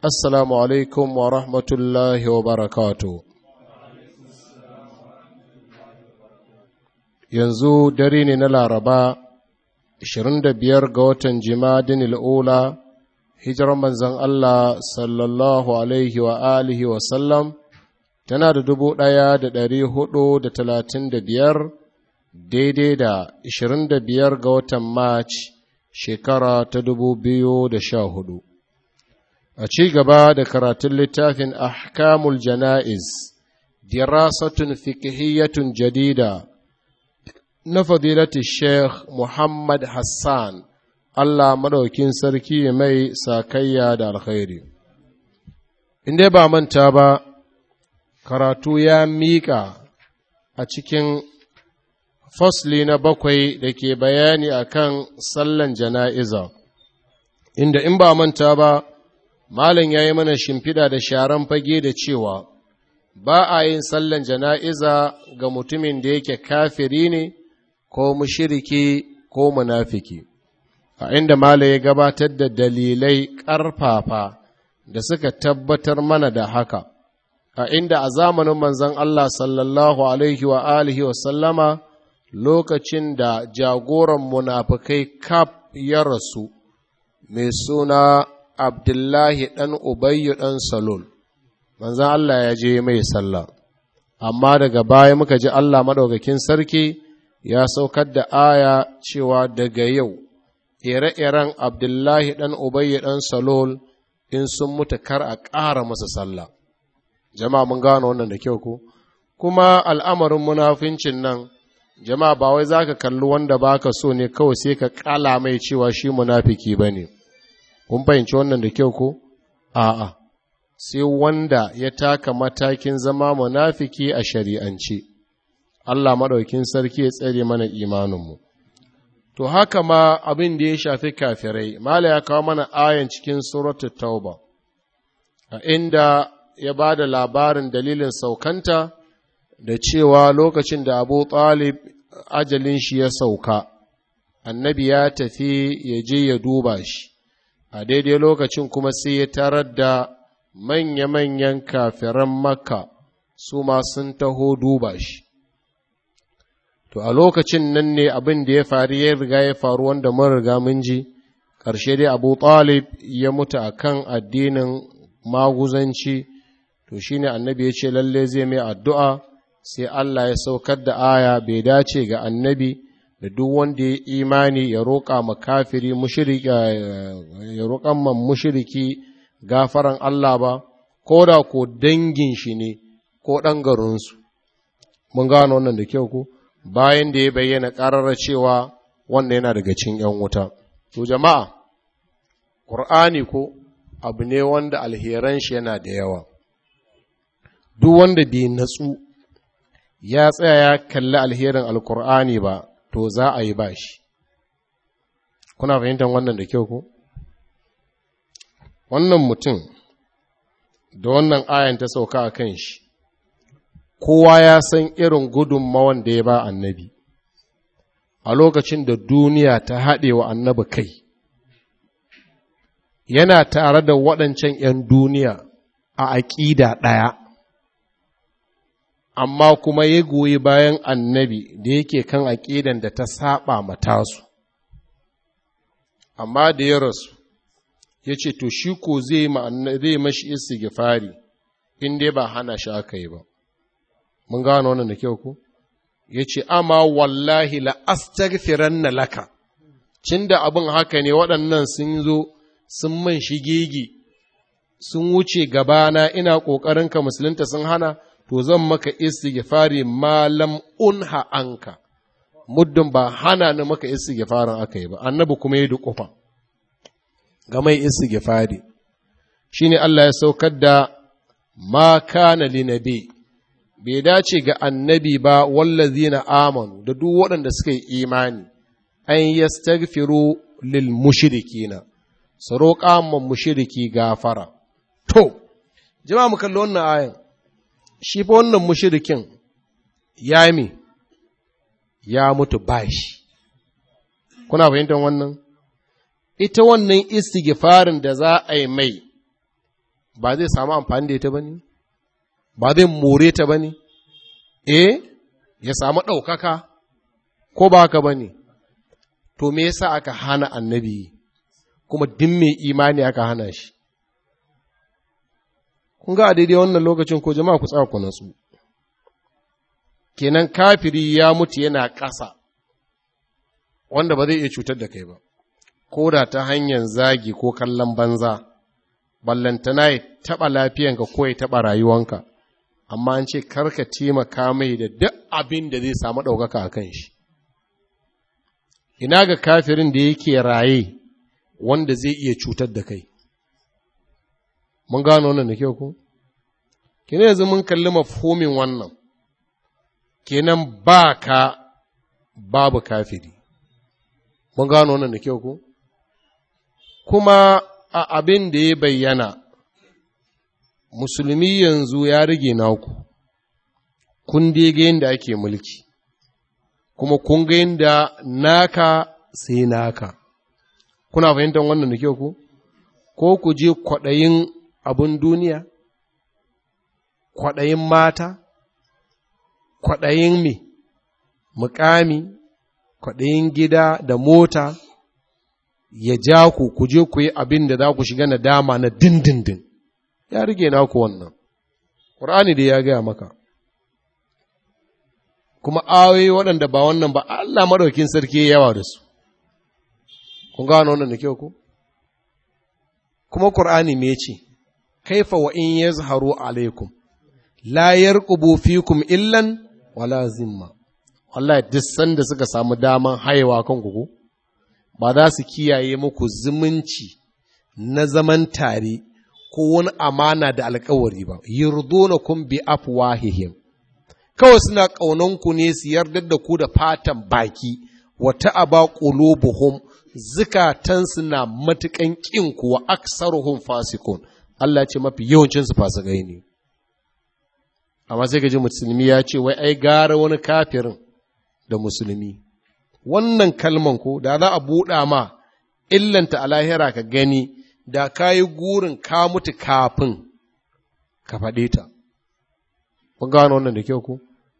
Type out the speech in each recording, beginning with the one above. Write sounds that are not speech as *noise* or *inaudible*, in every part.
Assalamu alaikum wa rahmatullahi wa barakatu. Yanzu dare ne na Laraba, biyar ga watan Jimadin al'ula, hijirar manzan Allah sallallahu alaihi wa alihi wa sallam, tana da dubu ɗaya da ɗari hudu da talatin da biyar daidai da biyar ga watan Mac shekara ta dubu biyu da sha hudu. a ci gaba da karatun littafin ahkamul jana'iz dirasatun fikihiyatun jadida na fadilati sheikh muhammad hassan allah maɗaukin sarki mai sakayya da alkhairi inda ba manta ba karatu ya miƙa a cikin fasli na bakwai da ke bayani a kan sallan jana'iza inda in ba manta ba Malam ya yi mana shimfiɗa da sharan fage da cewa, Ba a yin sallan jana'iza ga mutumin da yake kafiri ne ko mushiriki ko munafiki, a inda Malam ya gabatar da dalilai ƙarfafa da suka tabbatar mana da haka, a inda a zamanin manzon Allah sallallahu Alaihi wa alihi wa sallama lokacin da jagoran munafukai kaf ya rasu, mai suna abdullahi ɗan ubayyu ɗan salul manzan Allah ya je mai sallah amma daga baya muka ji Allah maɗaukakin sarki ya saukar da aya cewa daga yau ire-iren abdullahi ɗan ubayyu ɗan salul in sun mutu kar a ƙara masa sallah jama'a mun gano wannan da kyau ko kuma al'amarin munafincin nan jama'a ba wai za ka kalli wanda ba ka so ne kawai sai ka kala mai cewa shi munafiki ba ne kun fahimci wannan da kyau ko a'a sai wanda ya taka matakin zama munafiki a shari'ance Allah maɗaukin sarki ya tsare mana imaninmu to haka ma abin da ya shafi kafirai mala ya kawo mana ayan cikin suratul tauba a inda ya ba da labarin dalilin saukanta da cewa lokacin da abu talib ajalin shi ya sauka annabi ya tafi ya je ya duba shi a daidai lokacin kuma sai ya tarar da manya-manyan kafiran makka su ma sun taho duba shi to a lokacin nan ne abin da ya faru ya riga ya faru wanda mun riga mun ji ƙarshe dai abu talib ya mutu a kan addinin maguzanci to shine annabi ya ce lalle zai mai addu'a sai allah ya saukar da aya bai dace ga annabi da duk wanda ya imani ya roƙa ma kafiri eh, ya roƙa ma mushiriki gafaran Allah ba ko da ko dangin shi ne ko ɗan garinsu mun gano wannan da kyau ko bayan da ya bayyana ƙararra cewa wanda yana daga cin 'yan wuta to jama'a ƙur'ani ko abu ne wanda alheran shi yana da yawa duk wanda bai natsu ya tsaya ya kalli alherin alkur'ani ba to za a yi ba bashi kuna fahimtar wannan da kyau ko wannan mutum da wannan ayan ta sauka a kan shi kowa ya san irin gudunmawan da ya ba annabi a lokacin da duniya ta haɗe wa annabi kai yana tare da waɗancan ‘yan duniya a aƙida ɗaya amma kuma ya goyi bayan annabi da yake kan aƙidan da ta saɓa matasu amma da ya rasu ya ce to shi ko zai mashi fari, in dai ba hana shi aka yi ba mun gano wannan da kyau ku? ya ce amma wallahi la na laka cin da abin haka ne waɗannan sun zo sun man gigi, sun wuce gabana ina ƙoƙarinka musulunta sun hana to zan maka istighfari malam unha anka muddin ba hana ni maka istighfarin aka yi ba annabi kuma ya duƙufa ga mai istighfari shine Allah ya saukar da ma kana linabi bai dace ga annabi ba wallazina amanu da duk waɗanda suka yi imani an yastaghfiru lil mushrikina su roƙa mushriki gafara to jama'a mu kalli wannan ayan shi fa wannan mushirikin ya yi ya mutu bashi kuna fahimtar wannan ita wannan istighfarin da za a yi mai ba zai samu amfani da ita ba ne ba zai more ta ba ne eh ya samu ɗaukaka ko ba ka ba to me yasa aka hana annabi kuma duk mai imani aka hana shi kun ga a daidai wannan lokacin ko jama'a ku tsaya ku natsu kenan kafiri ya mutu yana ƙasa wanda ba zai iya cutar da kai ba ko da ta hanyar zagi ko kallon banza ballantana ya taɓa lafiyanka ko ya taɓa rayuwanka amma an ce karka taimaka mai da duk abin da zai samu ɗaukaka a kan shi ina ga kafirin da yake raye wanda zai iya cutar da kai mun gano wannan da kyau ku kene yanzu mun kalli mafhumin wannan kenan ba ka babu kafiri mun gano wannan da kyau ku kuma a abin da ya bayyana musulmi yanzu ya rage naku kun dege yadda ake mulki kuma kun ga yadda naka sai naka kuna fahimtar wannan da kyau ku ko ku je kwaɗayin abun duniya kwaɗayin mata kwaɗayin mi, mukami kwaɗayin gida da mota ya ja ku ku je ku yi abin da za ku shiga na dama na dindindin ya rige na ku wannan ƙur'ani da ya gaya maka kuma ayoyi waɗanda ba wannan ba Allah maɗaukin sarki yawa da su kun gano wannan da kyau ku? kuma ƙur'ani me ce kaifa wa in yazharu alaikum la yarqubu fikum illan wala zimma wallahi duk sanda suka samu daman haihuwa kan ku ba za su kiyaye muku zumunci na zaman tare ko wani amana da alkawari ba yurdunakum bi afwahihim kawai suna ƙaunanku ne su yarda da ku da fatan baki wata aba qulubuhum zukatansu na matuƙan ƙin kuwa aksaruhum fasikun Allah ce mafi yawancin su gai ne amma sai ka ji musulmi ya ce wai ai gara wani kafirin da musulmi wannan kalman ko da za a buɗa ma illanta a ka gani da ka yi gurin ka mutu kafin ka faɗe ta kun gano wannan da kyau ko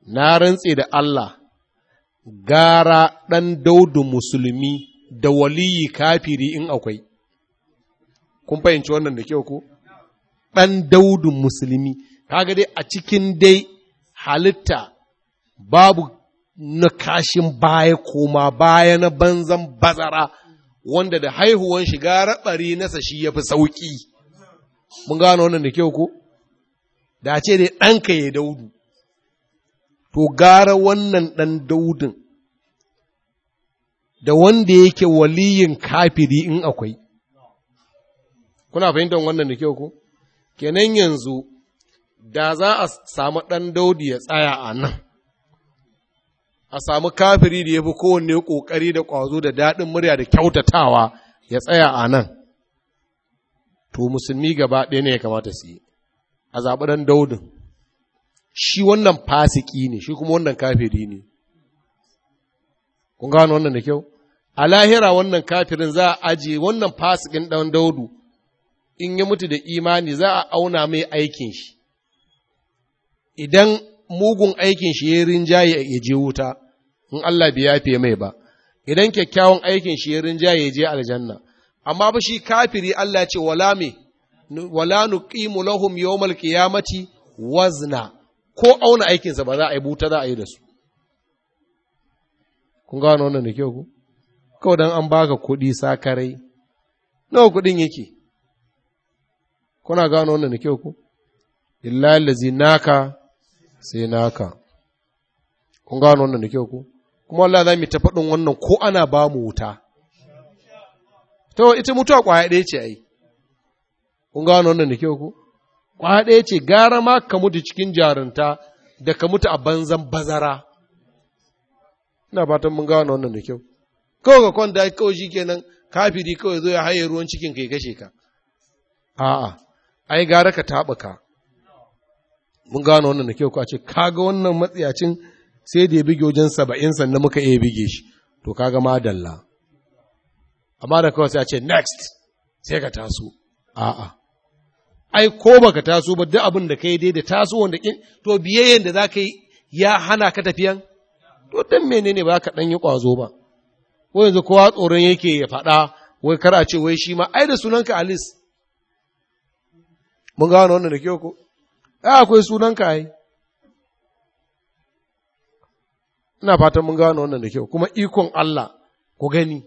na rantse da Allah gara ɗan daudu musulmi da waliyi kafiri in akwai kun fahimci wannan da kyau ko ɗan daudun musulmi kaga dai a cikin dai halitta babu na kashin baya koma baya na banzan bazara wanda da haihuwan shiga raɓari nasa shi ya fi sauƙi mun gano wannan da kyau ko da ce dai ɗanka ya daudu to gara wannan ɗan daudun da wanda yake waliyin kafiri in akwai kuna fahimtar wannan da kyau ko kenan yanzu da za a samu ɗan daudi ya tsaya a nan a samu kafiri da ya fi kowanne ƙoƙari da ƙwazo da daɗin murya da kyautatawa ya tsaya a nan to musulmi gaba ɗaya ne ya kamata su yi a zaɓi ɗan daudin shi wannan fasiki ne shi kuma wannan kafiri ne kun gano wannan da kyau a lahira wannan kafirin za a ajiye wannan fasikin ɗan daudu in ya mutu da imani za a auna mai aikin shi idan mugun aikin shi ya yi rinjaye ya je wuta in Allah ya yafe mai ba idan kyakkyawan aikin shi ya yi rinjaye ya je aljanna amma ba shi kafiri Allah ce wala nu wala lahum yawmal qiyamati wazna ko auna aikinsa ba za a yi buta za a yi da su kun gano wannan da kyau ku kawai dan an baka kuɗi sakarai nawa kuɗin yake kuna gano wannan da kyau ko illa allazi naka sai naka kun gano wannan da kyau ko kuma Allah za mu ta fadin wannan ko ana ba mu wuta to ita mutuwa kwaya ɗaya ce ai kun gano wannan da kyau ko kwaya ɗaya ce gara ma ka mutu cikin jarunta da ka mutu a banzan bazara ina fatan mun gano wannan da kyau kawai ga kwanta kawai kenan kafiri kawai zo ya haye ruwan cikin kai kashe ka a'a ai gara ka ka mun gano wannan da kyau ko a ce kaga wannan matsiyacin sai da ya bige wajen saba'in sannan muka iya bige shi to kaga madalla amma da kawai sai a ce next sai ka taso a'a ai ko ba ka taso ba duk abin da yi dai da taso wanda kin to biyayyen da zaka yi ya hana ka tafiyan to dan menene ba ka ɗan yi kwazo ba ko yanzu kowa tsoron yake ya faɗa wai kar a ce wai shi ma ai da sunanka Alice, mun gano wannan da kyau ko a eh, akwai sunanka ai ina fatan mun gano wannan da kyau kuma ikon Allah ku gani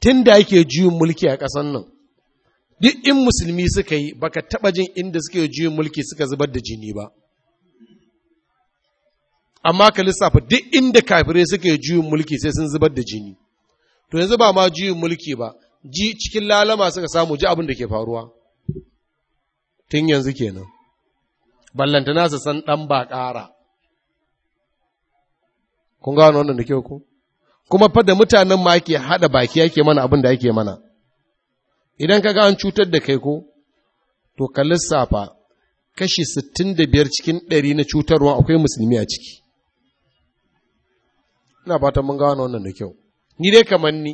tun da juyin mulki a ƙasan nan duk in musulmi suka yi baka taɓa jin inda suke juyin mulki suka zubar da jini ba amma ka lissafa duk inda kafirai suke juyin mulki sai sun zubar da jini to yanzu ba ma juyin mulki ba ji cikin lalama suka samu ji abin da ke faruwa tun yanzu kenan ballantana su san ɗan ba ƙara kun gano wannan da kyau ku kuma fa da mutanen ma ake haɗa baki ake mana abin da ake mana idan ka ga an cutar da kai ko to ka lissafa kashi sittin da biyar cikin ɗari na cutarwa akwai musulmi a ciki ina fatan mun gano wannan da kyau ni dai kamar ni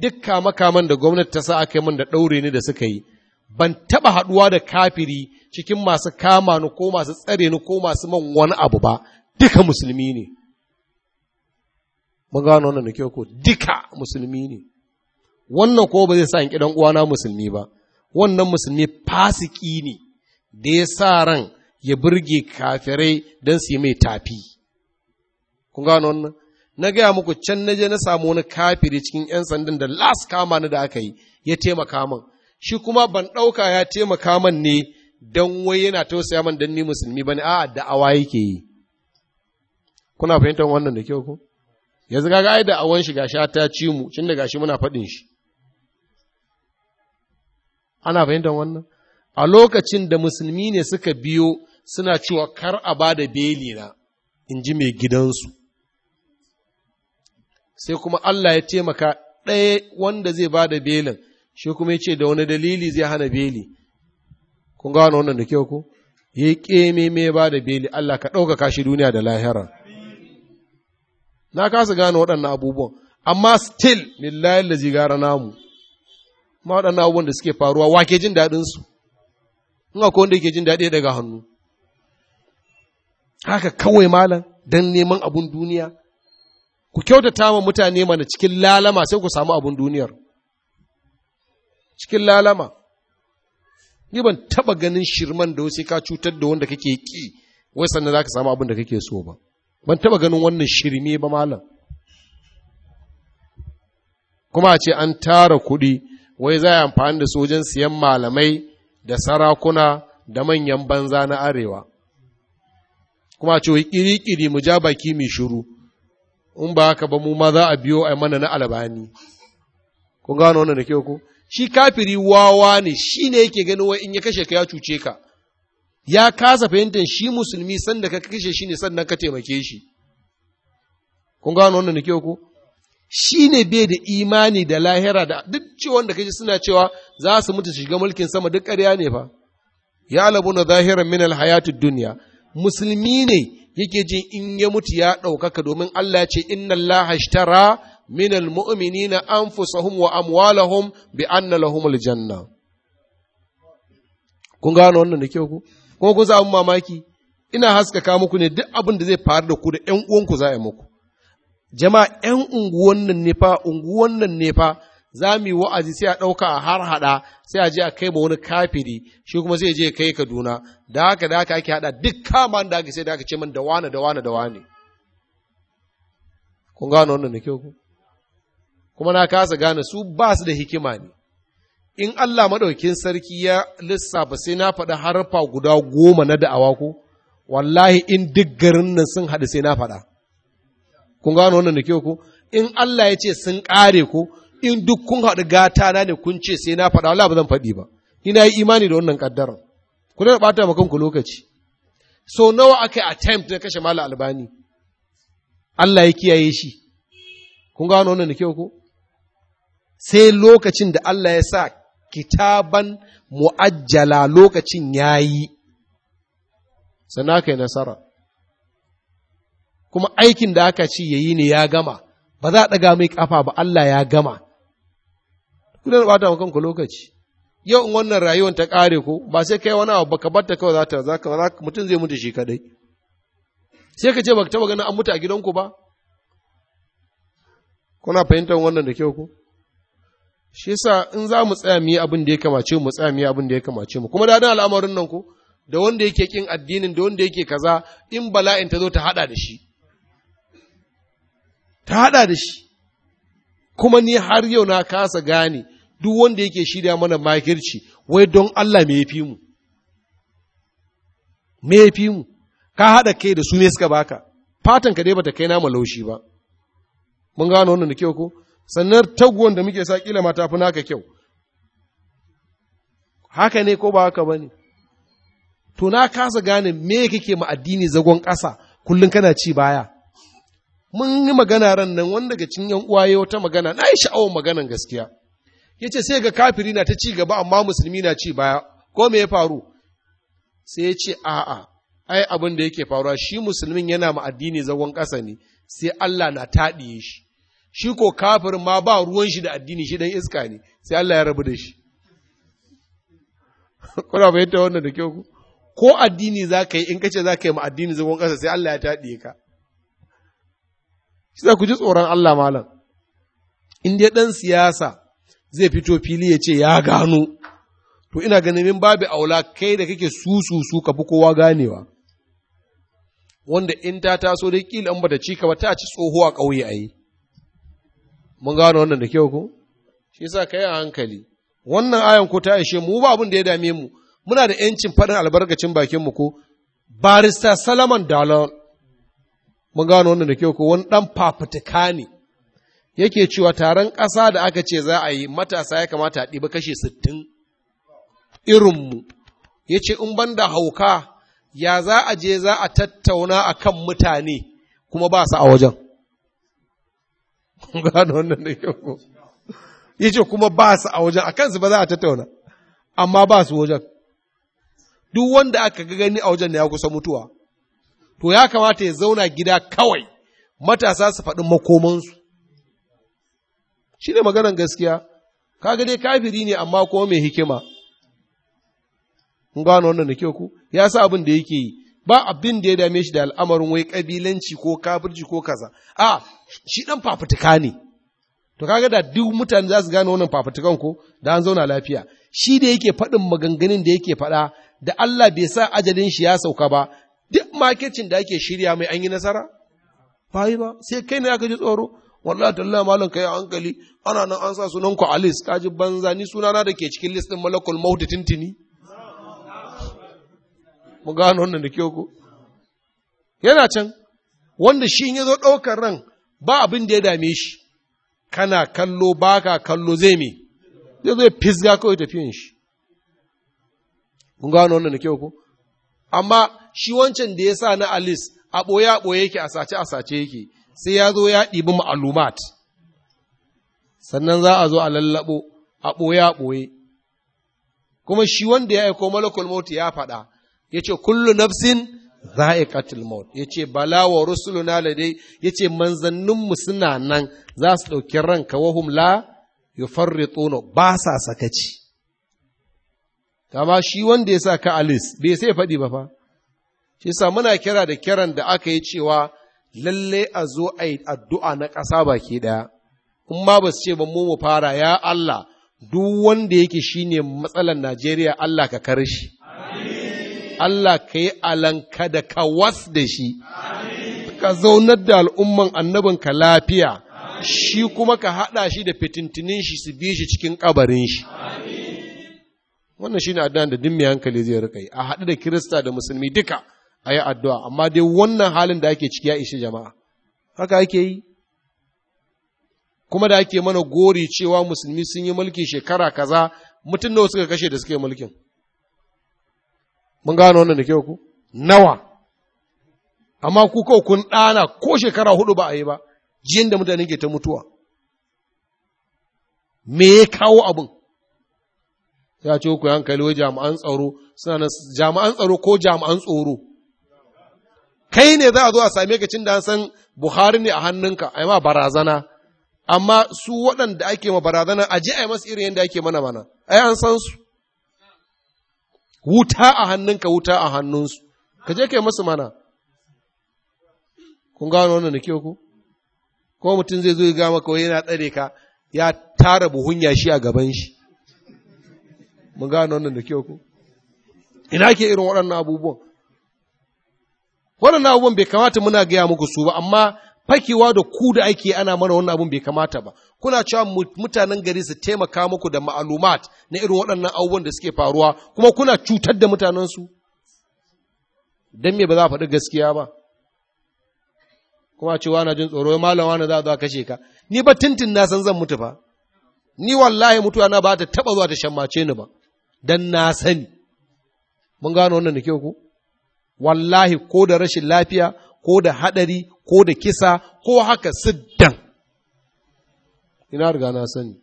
duk kama kaman da gwamnati ta sa aka yi min da ɗaure ni da suka yi ban taɓa haɗuwa da kafiri cikin masu kama ni ko masu tsare ni ko masu man wani abu ba duka musulmi ne mun gano wannan da ko duka musulmi ne wannan ko ba zai sa in kidan uwana musulmi ba wannan musulmi fasiki ne da ya sa ran ya burge kafirai don su yi mai tafi kun gano wannan na gaya muku can na je na samu wani kafiri cikin 'yan sandan da las kama ni da aka yi ya taimaka min shi kuma ban ɗauka ya taimaka man ne don wai yana tausaya man don ni musulmi ba ne, a da'awa yake yi. Kuna fahimtar wannan da kyau ko? Yanzu kaga ai da'awan shi gashi ta ci mu, cin da gashi muna faɗin shi. Ana fahimtar wannan? A lokacin da musulmi ne suka biyo suna cewa kar a ba da beli na, in ji mai gidansu. Sai kuma Allah ya taimaka ɗaya wanda zai ba da belin, shi kuma ya ce da wani dalili zai hana beli kun gano wannan da kyau ko ya ƙeme me ba da beli Allah ka ɗaukaka shi duniya da lahira na kasa gane waɗannan abubuwan amma still layar da zigara namu ma waɗannan abubuwan da suke faruwa wa ke jin daɗinsu in akwai wanda ke jin daɗi daga hannu haka kawai malam don neman abun duniya ku kyautata wa mutane mana cikin lalama sai ku samu abun duniyar cikin lalama ni ban taba ganin shirman da wasu ka cutar da wanda kake ki wai sannan zaka samu abin da kake so ba ban taba ganin wannan shirme ba malam kuma ce an tara kuɗi wai za a amfani da sojan siyan malamai da sarakuna da manyan banza na arewa kuma ce wai ƙiri ƙiri mu ja baki mai shiru in ba haka ba mu ma za a biyo a mana na albani kun gano wannan da ke ku. shi kafiri wawa ne shi ne yake ganin wai in ya kashe ka ya cuce ka ya kasa fahimtar shi musulmi sanda ka kashe shi ne sannan ka taimake shi kun gano wannan da ko shi ne bai da imani da lahira da duk ciwon da kaji suna cewa za su mutu shiga mulkin sama duk ƙarya ne fa ya alabu na zahiran min alhayatu duniya musulmi ne yake jin in ya mutu ya ɗaukaka domin Allah ce inna Allah ashtara min almu'minina anfusahum wa amwalahum bi anna lahumul janna kun gano wannan da kyau ku kuma kun samu mamaki ina haskaka muku ne duk abin da zai faru da ku da ƴan uwanku za a muku jama'a ƴan unguwan nan ne fa unguwan nan ne fa za mu yi wa'azi sai a ɗauka a har haɗa sai a je a kai ma wani kafiri shi kuma sai je kai kaduna da haka da haka ake haɗa duk kama da aka sai da aka ce min da wane da wane da wane kun gano wannan da kyau ku kuma na kasa gane su ba su da hikima ne in Allah maɗaukin sarki ya lissafa sai na faɗi harfa guda goma na da'awa ko wallahi in duk garin nan sun haɗu sai na faɗa kun gano wannan da kyau ko in Allah ya ce sun ƙare ko in duk kun haɗu gata na ne kun ce sai na faɗa wallahi ba zan faɗi ba ina yi imani da wannan ƙaddara ku da ɓata ma kanku lokaci so nawa aka yi attempt na kashe mala albani Allah ya kiyaye shi kun gano wannan da kyau ko sai lokacin da Allah ya sa kitaban mu'ajjala lokacin ya yi, sana kai nasara. Kuma aikin da aka ce ya yi ne ya gama, ba za a ɗaga mai ƙafa ba Allah ya gama. Kudan ta kanku lokaci, yau in wannan rayuwar ta ƙare ko ba sai kai wani abu ba ka barta kawai za ta za ka mutum zai mutu shi kadai. Sai ka ce ba ka taɓa ganin an mutu a gidanku ba? Kuna fahimtar wannan da kyau ko? shi yasa in za mu tsaya mu yi abin da ya kamace mu tsaya mu yi abin da ya kamace mu kuma da dan al'amarin nan ko da wanda yake kin addinin da wanda yake kaza in bala'in ta zo ta hada da shi ta hada da shi kuma ni har yau na kasa gane duk wanda yake shirya mana makirci wai don Allah me yafi mu me yafi mu ka hada kai da su ne suka baka fatan ka dai bata kai na malaushi ba mun gano wannan da kyau ko sannan taguwan da muke sa kila mata fi naka kyau haka ne ko ba haka ba ne to na kasa gane me kake ma addini zagon ƙasa kullum kana ci baya mun yi magana ran nan wanda daga cin yan uwaye wata magana na yi sha'awar maganan gaskiya Ya ce sai ga kafiri na ta ci gaba amma musulmi na ci baya ko me ya faru sai ya ce a'a ai abin da yake faruwa shi musulmin yana ma addini zagon ƙasa ne sai Allah na taɗiye shi shi ko kafirin ma ba ruwan shi da addini shi dan iska ne sai Allah ya rabu da shi *laughs* kuna fahimta wannan da kyau ko addini za ka yi in ce za ka yi ma addini zagon ƙasa sai Allah ya taɗe ka shi za ku ji tsoron Allah malam in dai ɗan siyasa zai fito fili ya ce ya gano to ina ganin min babu aula kai da kake susu su ka fi kowa ganewa wanda in ta taso dai kila in bata ci ka ba ta ci tsoho a ƙauye a yi mun gano wannan da kyau ku shi yasa kai a hankali wannan ayan ko ta ishe mu ba abin da ya dame mu muna da yancin faɗin albarkacin bakin mu ko barista Salaman Dalon mun gano wannan da kyau ku wani dan fafutuka ne yake cewa taron ƙasa da aka ce za a yi matasa ya kamata a ɗiba kashe sittin irinmu ya ce in ban da hauka ya za a je za a tattauna a kan mutane kuma ba su a wajen gano wannan da kyau ko yace kuma ba su a wajen a kansu ba za a tattauna amma ba su wajen duk wanda aka ga gani a wajen ne ya kusa mutuwa to ya kamata ya zauna gida kawai matasa su faɗin makomansu shi ne maganan gaskiya kaga dai kafiri ne amma kuma mai hikima kun gano wannan da kyau ku ya sa abin da yake yi ba abin da ya dame shi da al'amarin wai kabilanci ko kafirci ko kaza a shi dan fafutuka ne to kaga da duk mutane za su gane wannan fafutukan ko da an zauna lafiya shi da yake faɗin maganganun da yake faɗa da Allah bai sa ajalin shi ya sauka ba duk makircin da ake shirya mai an yi nasara ba yi ba sai kai ne aka ji tsoro wallahi tallahi malam kai hankali ana nan an sa sunan ku a kaji banza ni sunana da ke cikin listin malakul mautu tintini mu gano wannan da kyau ko yana can wanda shi ya zo ɗaukar ran ba abin da ya dame shi kana kallo baka kallo zai me zai zo ya fisga kawai tafiyan shi mun gano wannan da kyau ko amma shi wancan da ya sa na alis a ɓoye a ɓoye yake a sace a sace yake sai ya zo ya ɗibi ma'alumat sannan za a zo a lallaɓo a ɓoye a ɓoye kuma shi wanda ya aiko malakul mota ya faɗa ya ce kullu nafsin za'iqatul maut ya ce bala wa rusuluna ladai ya ce manzanninmu suna nan za su ɗauki ranka wahum la yufarrituna ba sa sakaci kama shi wanda ya sa ka alis bai sai faɗi ba fa shi sa muna kira da kiran da aka yi cewa lalle a zo a yi addu'a na ƙasa baki ɗaya in ma ba su ce ba mu mu fara ya Allah duk wanda yake shine matsalar Najeriya Allah ka kare shi Allah ka yi alanka da kawas da shi, ka zaunar da al'umman annabin ka lafiya, shi kuma ka haɗa shi da fitintinin shi su bi shi cikin ƙabarin shi. Wannan shi ne addu'an da dimmi hankali zai rika yi, a haɗu da Kirista da Musulmi duka a yi addu'a, amma dai wannan halin da ake ciki ya ishi jama'a. Haka ake yi? Kuma da ake mana gori cewa Musulmi sun yi mulki shekara kaza, mutum nawa suka kashe da suke mulkin. mun gano wannan da ke ku nawa amma ku kawai kun ɗana ko shekara hudu ba a yi ba jiyan da mutane ke ta mutuwa me ya kawo abin ya ce ku hankali wai jami'an tsaro suna nan jami'an tsaro ko jami'an tsoro kai ne za a zo a same ka cin da an san Buhari ne a hannunka a yi ma barazana amma su waɗanda ake ma barazana a je a yi masu irin yadda ake mana mana ai an san su wuta a hannunka wuta a hannunsu ka je yi masu mana kun gano wannan da kyau ko ko mutum zai zo ya gama kawai yana tsare ka ya tara buhun shi a gaban shi mun gano wannan da kyau ko ina ke irin waɗannan abubuwan waɗannan abubuwan bai kamata muna gaya muku su ba amma fakewa da ku da ake ana mana wannan abun bai kamata ba kuna cewa mutanen gari su taimaka muku da ma'alumat na irin waɗannan abubuwan da suke faruwa kuma kuna cutar da mutanensu don me ba za a faɗi gaskiya ba kuma cewa na jin tsoro malama na za a kashe ka ni ba tintin na san zan mutu ba ni wallahi mutuwa na ba ta taɓa zuwa ta shammace ni ba don na sani mun gano wannan da kyau ku wallahi ko da rashin lafiya ko da haɗari ko da kisa ko haka siddan ina riga na sani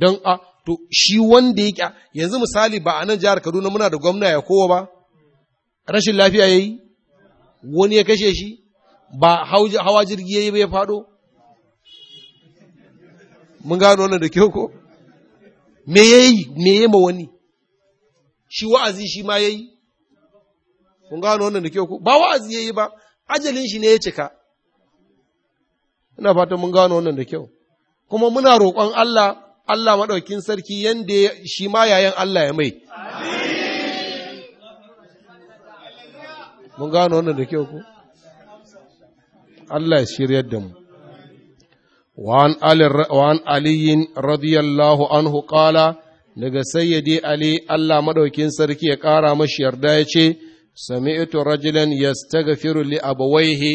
don a to shi wanda ya yanzu misali ba a nan jihar kaduna muna da gwamna ya kowa ba rashin lafiya ya yi wani ya kashe shi ba hawa jirgi ya yi ba ya faɗo mun gano wannan da kyau ko me ya yi ma wani shi wa'azi shi ma ya yi kun gano wannan da ke ku ba wa'azi yayi ba ajalin shi ne ya cika ina fatan mun gano wannan da kyau kuma muna roƙon Allah Allah maɗaukin sarki yanda shi ma yayan Allah ya mai mun gano wannan da kyau ku Allah ya shiryar da mu وعن علي وعن علي رضي الله عنه قال daga sayyidi ali Allah madaukin sarki ya ƙara mashi yarda ya ce sami'tu rajulan yastaghfiru li abawayhi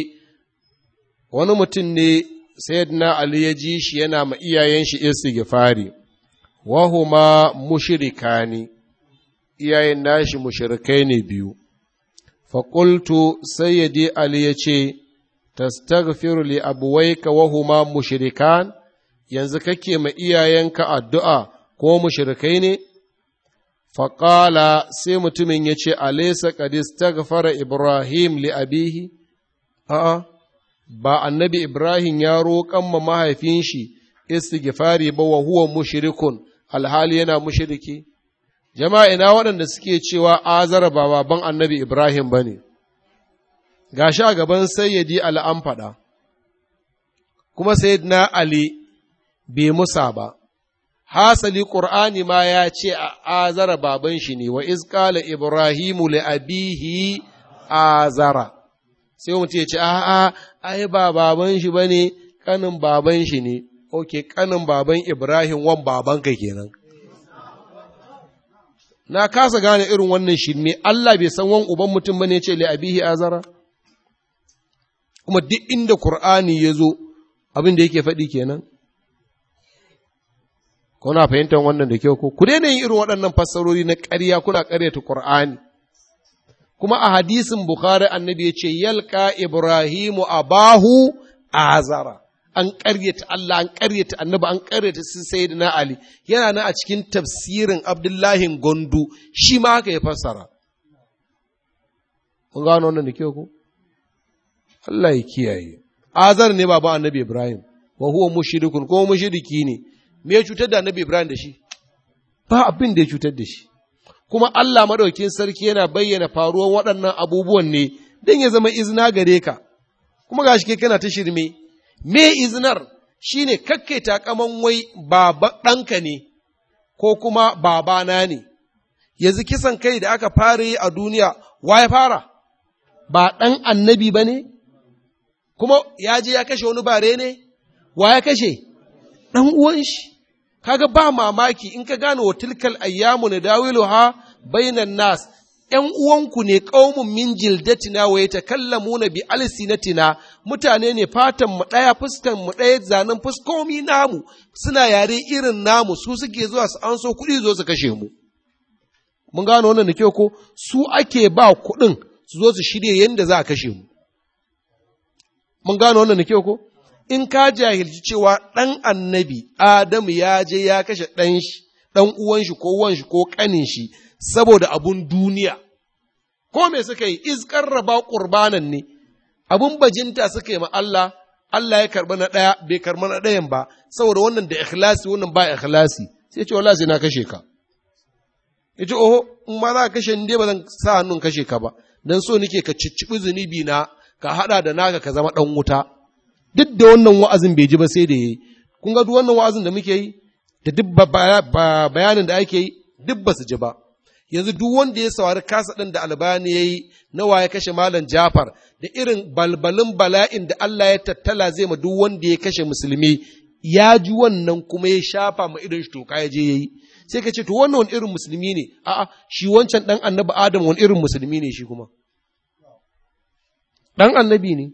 wani mutum ne sayyidina ali ya ji shi yana ma iyayen shi istighfari wa huma mushrikani iyayen nashi mushrikai ne biyu fa qultu sayyidi ali ya ce tastaghfiru li abawayka wa huma mushrikan yanzu kake ma iyayenka addu'a ko mushrikai ne faƙala sai mutumin ya ce alesa kadis ta ibrahim li'abihi. a'a ba annabi ibrahim ya roƙan ma mahaifin shi istighfari ba wa huwa mushrikun alhali yana mushriki jama'a ina waɗanda suke cewa azara ba ban annabi ibrahim ba ne gashi a gaban sayyidi al'amfaɗa. kuma sayyidina ali bai musa ba hasali ƙur'ani ma ya ce a azara baban shi ne wa iskala ibrahimu li abihi azara sai mutum ya ce a'a ai ba baban shi bane kanin baban shi ne ok kanin baban ibrahim wan babanka kenan na kasa gane irin wannan shi ne Allah bai san wan uban mutum bane ce li abihi azara kuma duk inda Kur'ani ya zo abin da yake faɗi kenan kuna fahimtar wannan da kyau ko ku daina yin irin waɗannan fassarori na ƙarya kuna ƙaryata Qur'ani kuma a hadisin Bukhari annabi ya ce Yalka Ibrahimu abahu azara an ƙaryata Allah an ƙaryata annabi an ƙaryata su sayyidina Ali yana nan a cikin tafsirin Abdullahi Gondo shi ma haka ya fassara wannan da kyau ko Allah ya kiyaye azar ne baba annabi Ibrahim wa huwa mushrikun ko mushriki ne me ya cutar da annabi Ibrahim da shi ba abin da ya cutar da shi kuma Allah madaukin sarki yana bayyana faruwar waɗannan abubuwan ne dan ya zama izina gare ka kuma gashi ke kana ta shirme me iznar shine kakke takaman wai baba ɗanka ne ko kuma babana ne yanzu kisan kai da aka fara yi a duniya wa ya fara ba ɗan annabi ba ne kuma ya je ya kashe wani bare ne wa ya kashe ɗan uwan shi kaga ba mamaki in ka gane wa tilkal ayyamu na dawilu ha bainan nas ‘yan uwanku ne ƙaumin min jildatina wa muna bi alsinatina mutane ne fatan mu ɗaya fuskan mu ɗaya zanen fuskomi namu suna yare irin namu su suke zuwa su an so kuɗi zo su kashe mu mun gano wannan da kyau ko su ake ba kuɗin su zo su shirye yadda za a kashe mu mun gano wannan da kyau ko in ka jahilci cewa ɗan annabi Adamu ya je ya kashe ɗan shi, ɗan uwan shi ko wan shi ko ƙanin shi saboda abun duniya. Ko me suka yi, iskar raba ƙurbanan ne, abun bajinta suka yi ma Allah, Allah ya karɓi na ɗaya bai karɓi na ɗayan ba, saboda wannan da ikhlasi wannan ba ikhlasi, sai ce wallahi na kashe ka. Ya ce, oho, in ma za ka kashe ni dai ba zan sa hannun kashe ka ba, don so nake ka cicciɓi zunubi na, ka haɗa da naka ka zama ɗan wuta. duk da wannan wa'azin bai ji ba sai da yi. kun ga duk wannan wa'azin da muke yi da duk bayanin da ake yi duk ba su ji ba yanzu duk wanda ya saurari kasa ɗin da albani ya yi nawa ya kashe malam jafar da irin balbalin bala'in da Allah ya tattala zai ma duk wanda ya kashe musulmi ya ji wannan kuma ya shafa ma irin shi toka ya je ya yi sai ka ce to wannan wani irin musulmi ne a'a shi wancan ɗan annabi adam wani irin musulmi ne shi kuma ɗan annabi ne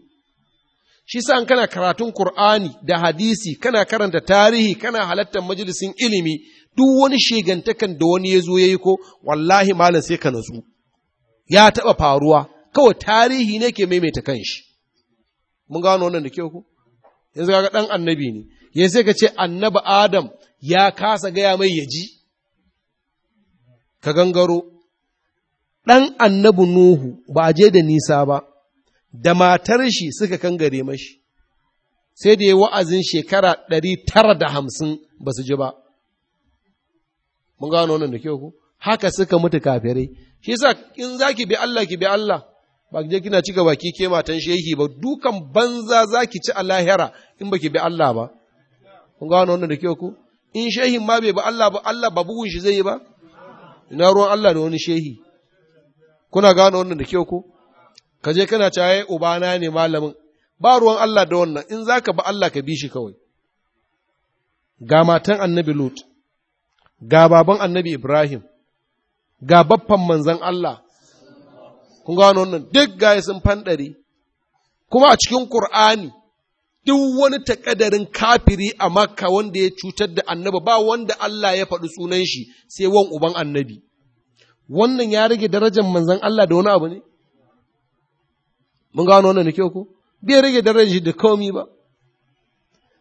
shi sa kana karatun Kur'ani da hadisi kana karanta tarihi kana halattar majalisin ilimi duk wani shigantakan da wani ya zo ya yi ko wallahi malam sai ka nasu ya taɓa faruwa kawai tarihi ne ke maimaita kanshi mun gano wannan da kyau ko yanzu ga ɗan annabi ne ya sai ka ce annabi adam ya kasa gaya mai ya ji ka gangaro ɗan annabi nuhu ba a je da nisa ba da matar shi suka kangare mashi, sai da ya wa'azin shekara ɗari tara da hamsin ba su ji ba. Mun gano wannan da kyau ku? Haka suka mutu kafirai, shi sa in za ki bi Allah ki bi Allah, ba ki je kina gaba ki ke matan shehi ba, dukan banza za ki ci a lahira in ba ki bi Allah ba. Mun gano wannan da kyau ku? In shehin ma bai bi Allah ba, Allah ba bugun shi zai yi ba? Ina ruwan Allah da wani shehi. Kuna gano wannan da kyau ku? ka je kana cewa ya ubana ne malamin ba ruwan Allah da wannan in za ka ba Allah ka bi shi kawai ga matan annabi Lut ga baban annabi Ibrahim ga baffan manzan Allah kun ga wannan duk gaya sun fanɗari kuma a cikin Kur'ani duk wani takadarin kafiri a makka wanda ya cutar da annabi ba wanda Allah ya faɗi sunan shi sai wan uban annabi wannan ya rage darajar manzan Allah da wani abu ne mun gano wannan da kyau ko bai rage darajar da komi ba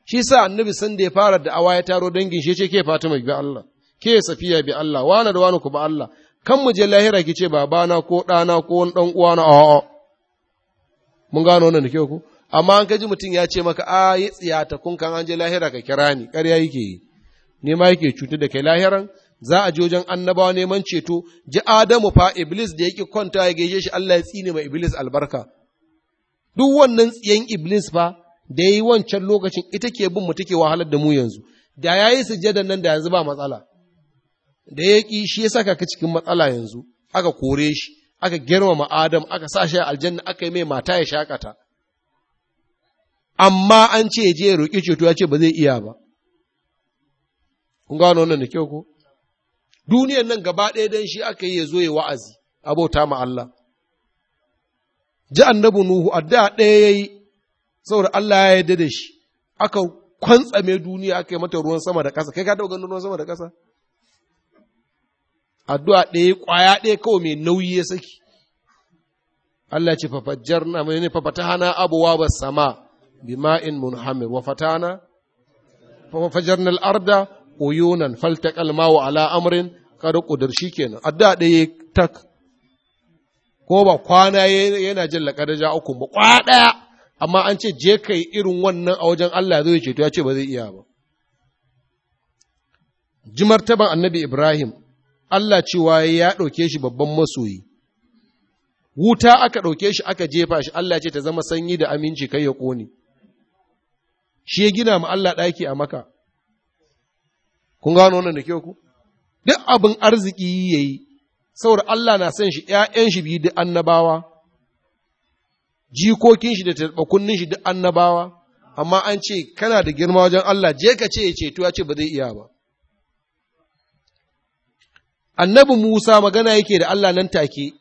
shi sa annabi san da ya fara da awa ya taro dangin shi ce ke Fatima bi Allah ke Safiya bi Allah wani da wani ku ba Allah kan mu je lahira ki ce babana ko ɗana ko wani ɗan a a mun gano wannan da kyau ko amma an kaji mutum ya ce maka a yi tsiyata kun kan an je lahira ka kira ni ƙarya yake yi ne ma yake cutar da kai lahiran za a je wajen annabawa neman ceto ji Adamu fa Iblis da yake kwanta ya gaishe shi Allah ya tsine ma Iblis albarka duk wannan tsiyan iblis ba da ya yi wancan lokacin ita ke bin mu ke wahalar da mu yanzu da ya yi sujjadan nan da yanzu ba matsala da ya ƙi shi ya saka ka cikin matsala yanzu aka kore shi aka girmama adam aka sa shi a aljanna aka yi mai mata ya shakata amma an ce je ya roƙi ceto ya ce ba zai iya ba kun gano wannan da kyau ko duniyan nan gaba ɗaya dan shi aka yi ya zo ya wa'azi abota ma Allah ji annabi Nuhu a da ɗaya ya yi, saboda Allah ya yarda da shi, aka kwantsame duniya aka yi mata ruwan sama da ƙasa, kai ka taɓa ruwan sama da ƙasa? Addu'a ɗaya ƙwaya ɗaya kawai mai nauyi ya saki. Allah ce fafajar na mai ne hana abuwa ba sama bima'in munhamir wa fatana na al'arda uyunan faltaƙal mawa ala amrin kada ƙudur shi kenan addu'a ɗaya tak ko ba kwana yana jin lakaraja uku ba kwa ɗaya amma an ce je ka irin wannan a wajen Allah zai ceto ya ce ba zai iya ba ji martaban annabi Ibrahim Allah cewa ya ɗauke shi babban masoyi wuta aka ɗauke shi aka jefa shi Allah ce ta zama sanyi da aminci kai ya ƙone shi ya gina ma Allah ɗaki a maka kun gano wannan da kyau ku duk abin arziki yayi saboda Allah na san shi ‘ya'yan shi biyu duk annabawa, jikokin shi da taɓakunnin shi duk annabawa, amma an ce kana da girma wajen Allah je ka ce ya to ya ce ba zai iya ba. Annabi Musa magana yake da Allah nan take,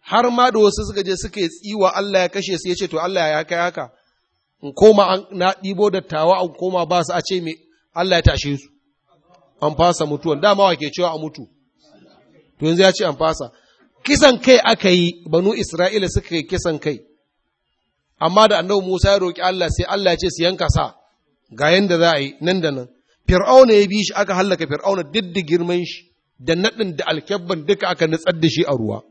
har ma da wasu suka je suka yi tsiwa Allah ya kashe su ya ce to Allah ya kai haka, in koma na ɗibo da tawa an koma ba su a ce Allah ya tashe su, an fasa mutuwan, dama wa ke cewa a mutu. to yanzu ya ce an fasa kisan kai aka yi banu isra'ila suka yi kisan kai amma da annabi musa ya roƙi allah sai allah ya ce su yanka sa ga yanda za a yi nan da nan fir'auna ya bi shi aka hallaka fir'auna duk da girman shi da naɗin da alkyabban duka aka nutsar da shi a ruwa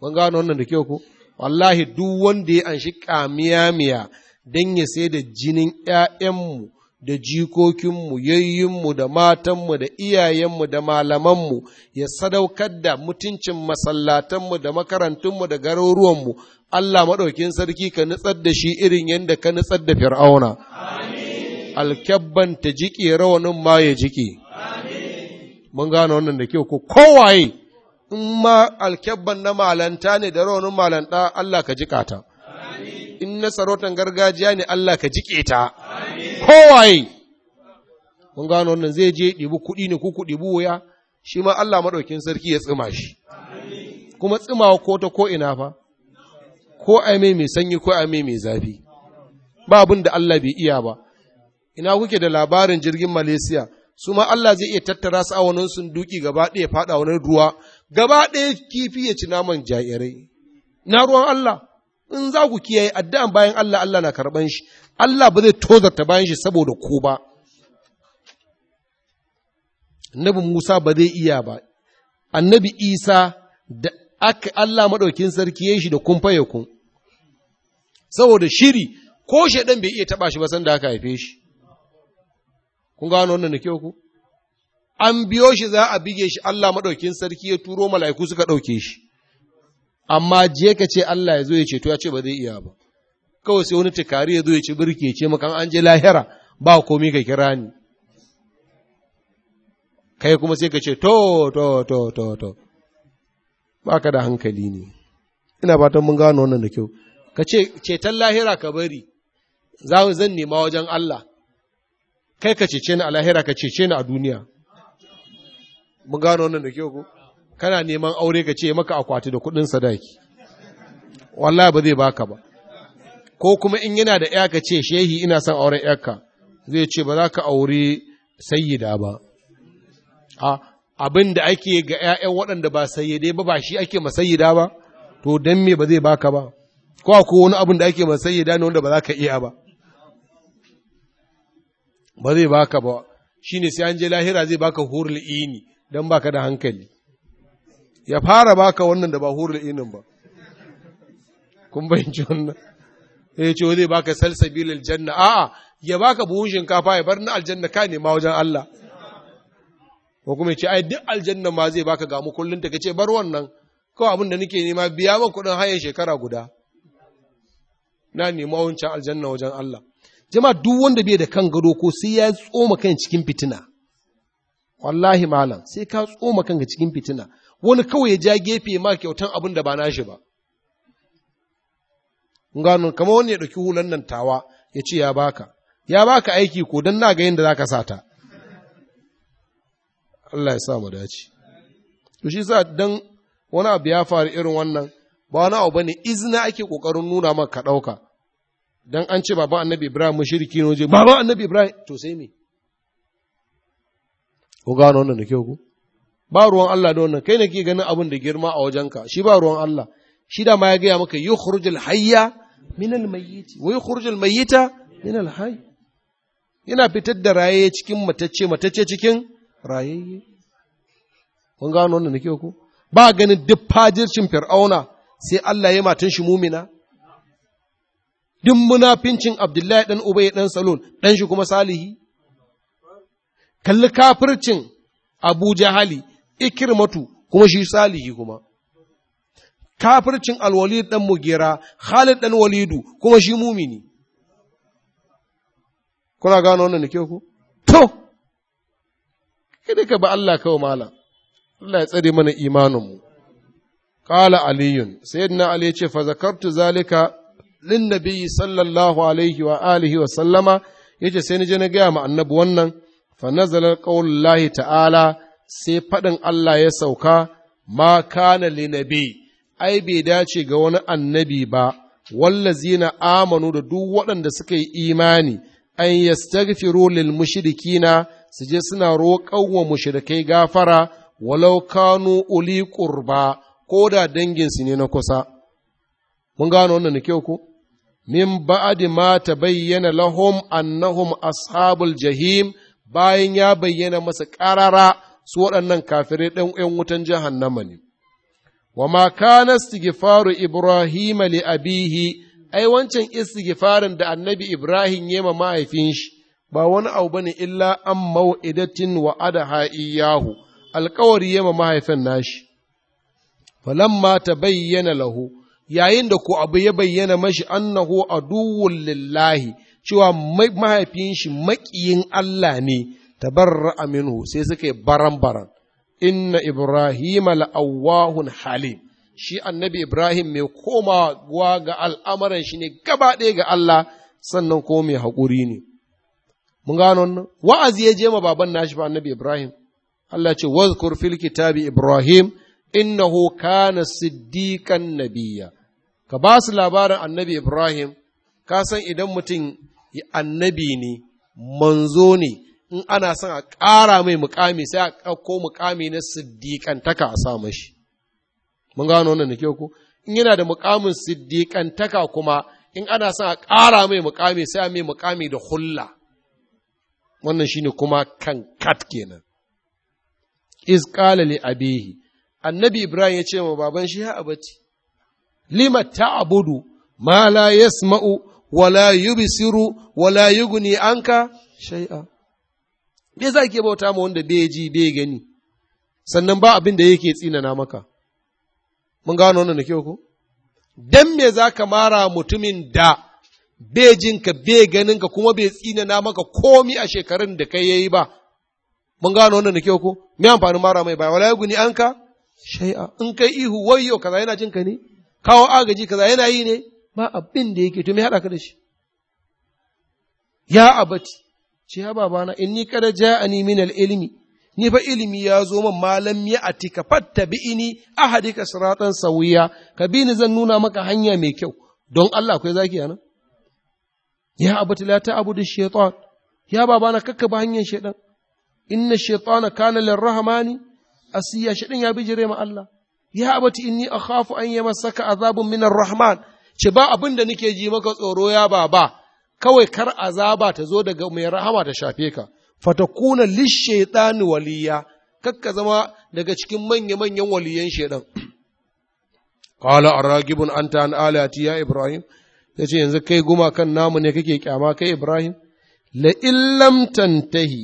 mun gano wannan da kyau ko wallahi duk wanda ya anshi kamiya miya dan ya sai da jinin ƴaƴanmu da jikokinmu, yayyinmu da matanmu da iyayenmu da malamanmu ya sadaukar da mutuncin masallatanmu da makarantunmu da garuruwanmu, Allah maɗaukin sarki ka nutsar da shi irin yadda ka nutsar da fir'auna. Alkyabbanta ta jiƙe rawanin ma ya jiƙe. Mun gane wannan da kyau ko kowaye in ma alkyabban na malanta ne da rawanin malanta Allah ka jiƙa ta. In na sarautan gargajiya ne Allah ka jiƙe ta. kowaye mun gano wannan zai je ɗibi kuɗi ne ku kuɗi ɗibi wuya shi ma Allah maɗaukin sarki ya tsima shi kuma tsimawa ko ta ko ina fa ko a mai sanyi ko a mai zafi ba abin da Allah bai iya ba ina kuke da labarin jirgin Malaysia su ma Allah zai iya tattara su a wani sun duki gaba ɗaya faɗa wani ruwa gaba ɗaya kifi ya ci naman jairai na ruwan Allah in za ku kiyaye addu'an bayan Allah Allah na karɓan shi Allah ba zai tozarta bayan shi saboda ko ba annabi Musa ba zai iya ba annabi Isa da aka Allah maɗaukin sarki ya shi da kumfaye kun saboda shiri ko shaɗan bai iya taɓa shi ba sanda aka haife shi kun gano wannan da kyau ku an biyo shi za a bige shi Allah maɗaukin sarki ya turo mala'iku suka ɗauke shi amma je ka ce Allah ya zo ya ceto ya ce ba zai iya ba kawai sai wani tukari ya zo ya ci birki ce maka an je lahira ba komi ka kira ni kai kuma sai ka ce to to to to to ba ka da hankali ne ina fatan mun gano wannan da kyau ka ce ceton lahira ka bari za zan nema wajen Allah kai ka cece ni a lahira ka cece ni a duniya mun gano wannan da kyau ko kana neman aure ka ce maka akwati da kuɗin sadaki wallahi ba zai baka ba ko kuma in yana da ‘ya ce shehi ina son auren ‘yarka zai ce ba za ka aure sayyida ba a abin da ake ga ‘ya'yan waɗanda ba sayyidai ba ba shi ake masayyida ba to don me ba zai baka ba ko a wani abin da ake masayyida ne wanda ba za ka iya ba ba zai baka ba shi ne sai an je lahira zai baka hurul ini don baka da hankali ya fara baka wannan da ba hurul inin ba kun ci wannan sai ce zai baka salsabil aljanna a'a ya baka buhun shinkafa ya bar na aljanna ka nema wajen Allah ko kuma ce ai duk aljanna ma zai baka gamu kullun ta kace bar wannan kawai abin da nake nema biya min kuɗin haye shekara guda na nema wancan aljanna wajen Allah jama'a duk wanda bai da kan gado ko sai ya tsoma kan cikin fitina wallahi malam sai ka tsoma kanka cikin fitina wani kawai ya ja gefe ma kyautan abin da ba nashi ba kun gano kamar wani ya ɗauki hulan nan tawa ya ce ya baka ya baka aiki ko don na ga da za ka sa ta Allah ya sa mu dace to shi sa dan wani abu ya faru irin wannan ba wani abu bane izina ake kokarin nuna maka ka ɗauka dan an ce baban annabi ibrahim mushriki ne baban annabi ibrahim to sai me ko gano wannan da kyau ku ba ruwan Allah da wannan kai ne ke ganin abin da girma a wajenka shi ba ruwan Allah shi da ma ya gaya maka yukhrujul hayya min almayyiti wa yukhrijul mayyita min alhayy yana fitar da raye cikin matacce matacce cikin rayayye kun gano wannan nake ku ba ganin duk fajircin fir'auna sai Allah ya matan shi mumina duk munafincin Abdullahi dan Ubay dan Salul dan shi kuma Salihi kalli kafircin Abu Jahali ikirmatu kuma shi Salihi kuma kafircin alwalid ɗan mugera Khalid ɗan walidu kuma shi mumini kuna gano wannan da ku to kada ka ba Allah kawai malam Allah ya tsare mana imaninmu qala aliyun sayyidina ali ya ce fa zakartu zalika lin nabiyyi sallallahu alaihi wa alihi wa sallama yace sai ni je na gaya ma annabi wannan fa nazala qaulullahi ta'ala sai faɗin Allah ya sauka ma kana li ai bai dace ga wani annabi ba wallazina amanu da duk waɗanda suka yi imani an yastaghfiru lil mushrikina su je suna roƙon wa mushrikai gafara walau kanu uli qurba ko da danginsu ne na kusa mun gano wannan da kyau ko min ba'adi ma tabayyana lahum annahum ashabul jahim bayan ya bayyana masa ƙarara su waɗannan kafirai ɗan ‘yan wutan jahannama ne. wa ma kana istighfaru Ibrahim li abihi ai wancan istighfarin da annabi Ibrahim ya ma mahaifin shi ba wani abu bane illa an mau'idatin wa adaha iyahu alƙawari ya ma mahaifin nashi falamma tabayyana lahu yayin da ko abu ya bayyana mashi annahu aduwwul lillahi cewa mahaifin shi maƙiyin Allah ne tabarra Aminu sai suka yi baran baran inna Ibrahim al'awahun halim, shi annabi Ibrahim mai komawa ga al'amuran shi ne gaba ɗaya ga Allah sannan ko mai haƙuri ne. Mun gano wannan, wa'azi ya je ma baban nashi ba annabi Ibrahim, Allah ce, wazkur fil kitabi Ibrahim, innahu kana siddiqan nabiyya Ka ba su labarin annabi Ibrahim, ka san idan mutum annabi ne, manzo ne, in ana son a ƙara mai mukami sai a ɗauko mukami na siddiƙantaka a sa mashi mun gano wannan da ku? in yana da mukamin siddiƙantaka kuma in ana son a ƙara mai mukami sai a mai mukami da hulla wannan shi ne kuma kan kat kenan Is ƙalali a abihi annabi ibrahim ya ce ma baban shi ya abati lima ta'budu ma la yasma'u wala yubisiru, wala yuguni anka shai'a. me yasa ke bauta ma wanda bai ji bai gani sannan ba abin da yake tsinana maka mun gano wannan da kyau ko dan me za ka mara mutumin da bai ka bai ganinka kuma bai tsinana maka komi a shekarun da kai yayi ba mun gano wannan da kyau ko me amfanin mara mai ba wala guni anka shay'a in kai ihu wayyo kaza yana jin ka ne kawo agaji kaza yana yi ne ba abin da yake to me hada ka da shi ya abati ce ya babana ni kada ja'ani min al-ilmi ni fa ilimi ya zo min malam ya atika fattabi'ini ahadika siratan sawiya ka bi ni zan nuna maka hanya mai kyau don Allah akwai zaki nan? ya abati la da shaytan ya babana kakka ba hanyar shaytan inna shaytana kana lirrahmani asiya shaytan ya bijire ma Allah ya abati inni akhafu an yamassaka azabun min ar-rahman ce ba abin da nake ji maka tsoro ya baba kawai kar azaba ta zo daga mai rahama ta shafe ka fatakuna lishaitani waliya kakka zama daga cikin manya-manyan waliyan shaidan qala aragibun anta an alati ya ibrahim yace yanzu kai guma kan namu ne kake kyama kai ibrahim la illam tantahi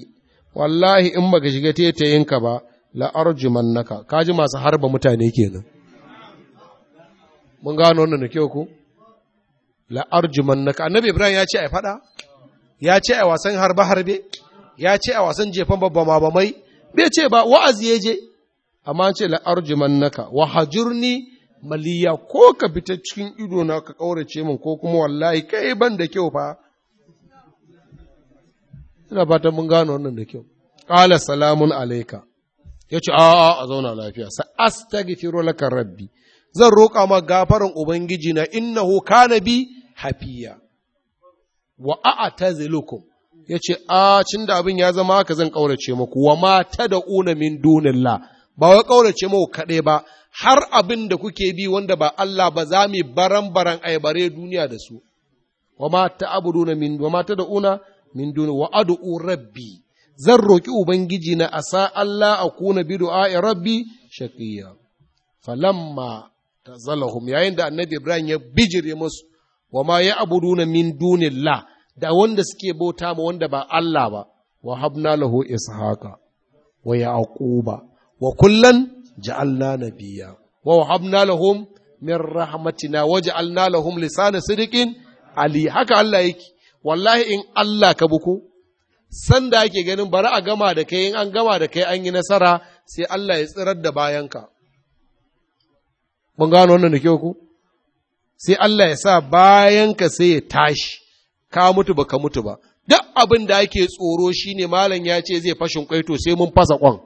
wallahi in baka shiga tetayinka ba la arjumannaka kaji masu harba mutane kenan mun gano wannan da kyau ko la'arjuman naka annabi ibrahim ya ce a faɗa ya ce a wasan harbe-harbe ya ce a wasan jefan babba mabamai bai ce ba wa'azi ya je amma ce la'arjuman naka wa hajurni maliya ko ka fita cikin ido na ka ƙaurace min ko kuma wallahi kai ban da kyau fa ina fatan mun gano wannan da kyau qala salamun alayka yace a a a zauna lafiya sa astaghfiru laka rabbi zan roƙa ma gafaran ubangiji na innahu kana bi hafiya wa ya ce a cin da abin ya zama haka zan ƙaurace maku wa ma una min la ba wai kaurace muku kaɗai ba har abin da kuke bi wanda ba Allah ba za mu baran baran aibare duniya da su wa ma ta'buduna min wa da una min duni wa ad'u rabbi zan roki ubangiji na asa Allah a kuna bi du'a rabbi shaqiya falamma tazalahum yayin da annabi Ibrahim ya bijire masu. wa ma ya abuduna min la da wanda suke bauta ma wanda ba Allah ba wa habna lahu ishaqa wa yaquba wa kullan ja'alna biya wa habna lahum min rahmatina wa ja'alna lahum lisana sidqin ali haka Allah yake wallahi in Allah ka buku sanda ake ganin bari a gama da kai in an gama da kai an yi nasara sai Allah ya tsirar da bayanka mun gano wannan da kyau ku sai Allah ya sa bayanka sai ya tashi ka mutu ba ka mutu ba duk abin da ake tsoro shine malam ya ce zai fashin kwaito sai mun fasa kwan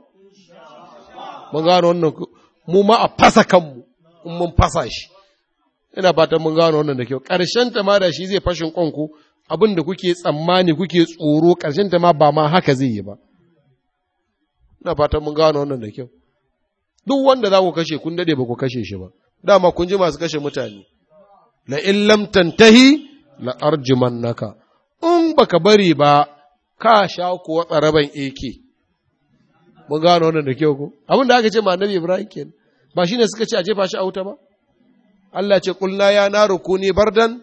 mun gano wannan mu ma a fasa kanmu in mun fasa shi ina fatan mun gano wannan da kyau ƙarshen ta ma da shi zai fashin kwan ku abin da kuke tsammani kuke tsoro ƙarshen ta ma ba ma haka zai yi ba ina fatan mun gano wannan da kyau duk wanda za ku kashe kun dade ba ku kashe shi ba dama kun ji masu kashe mutane la lam tantahi la arjumannaka in baka bari ba ka sha kuwa tsaraban eke mun gano wannan da kyau ko abin da aka ce ma annabi ibrahim kenan ba shine suka ce a jefa shi a wuta ba Allah ce kulna ya naru kuni bardan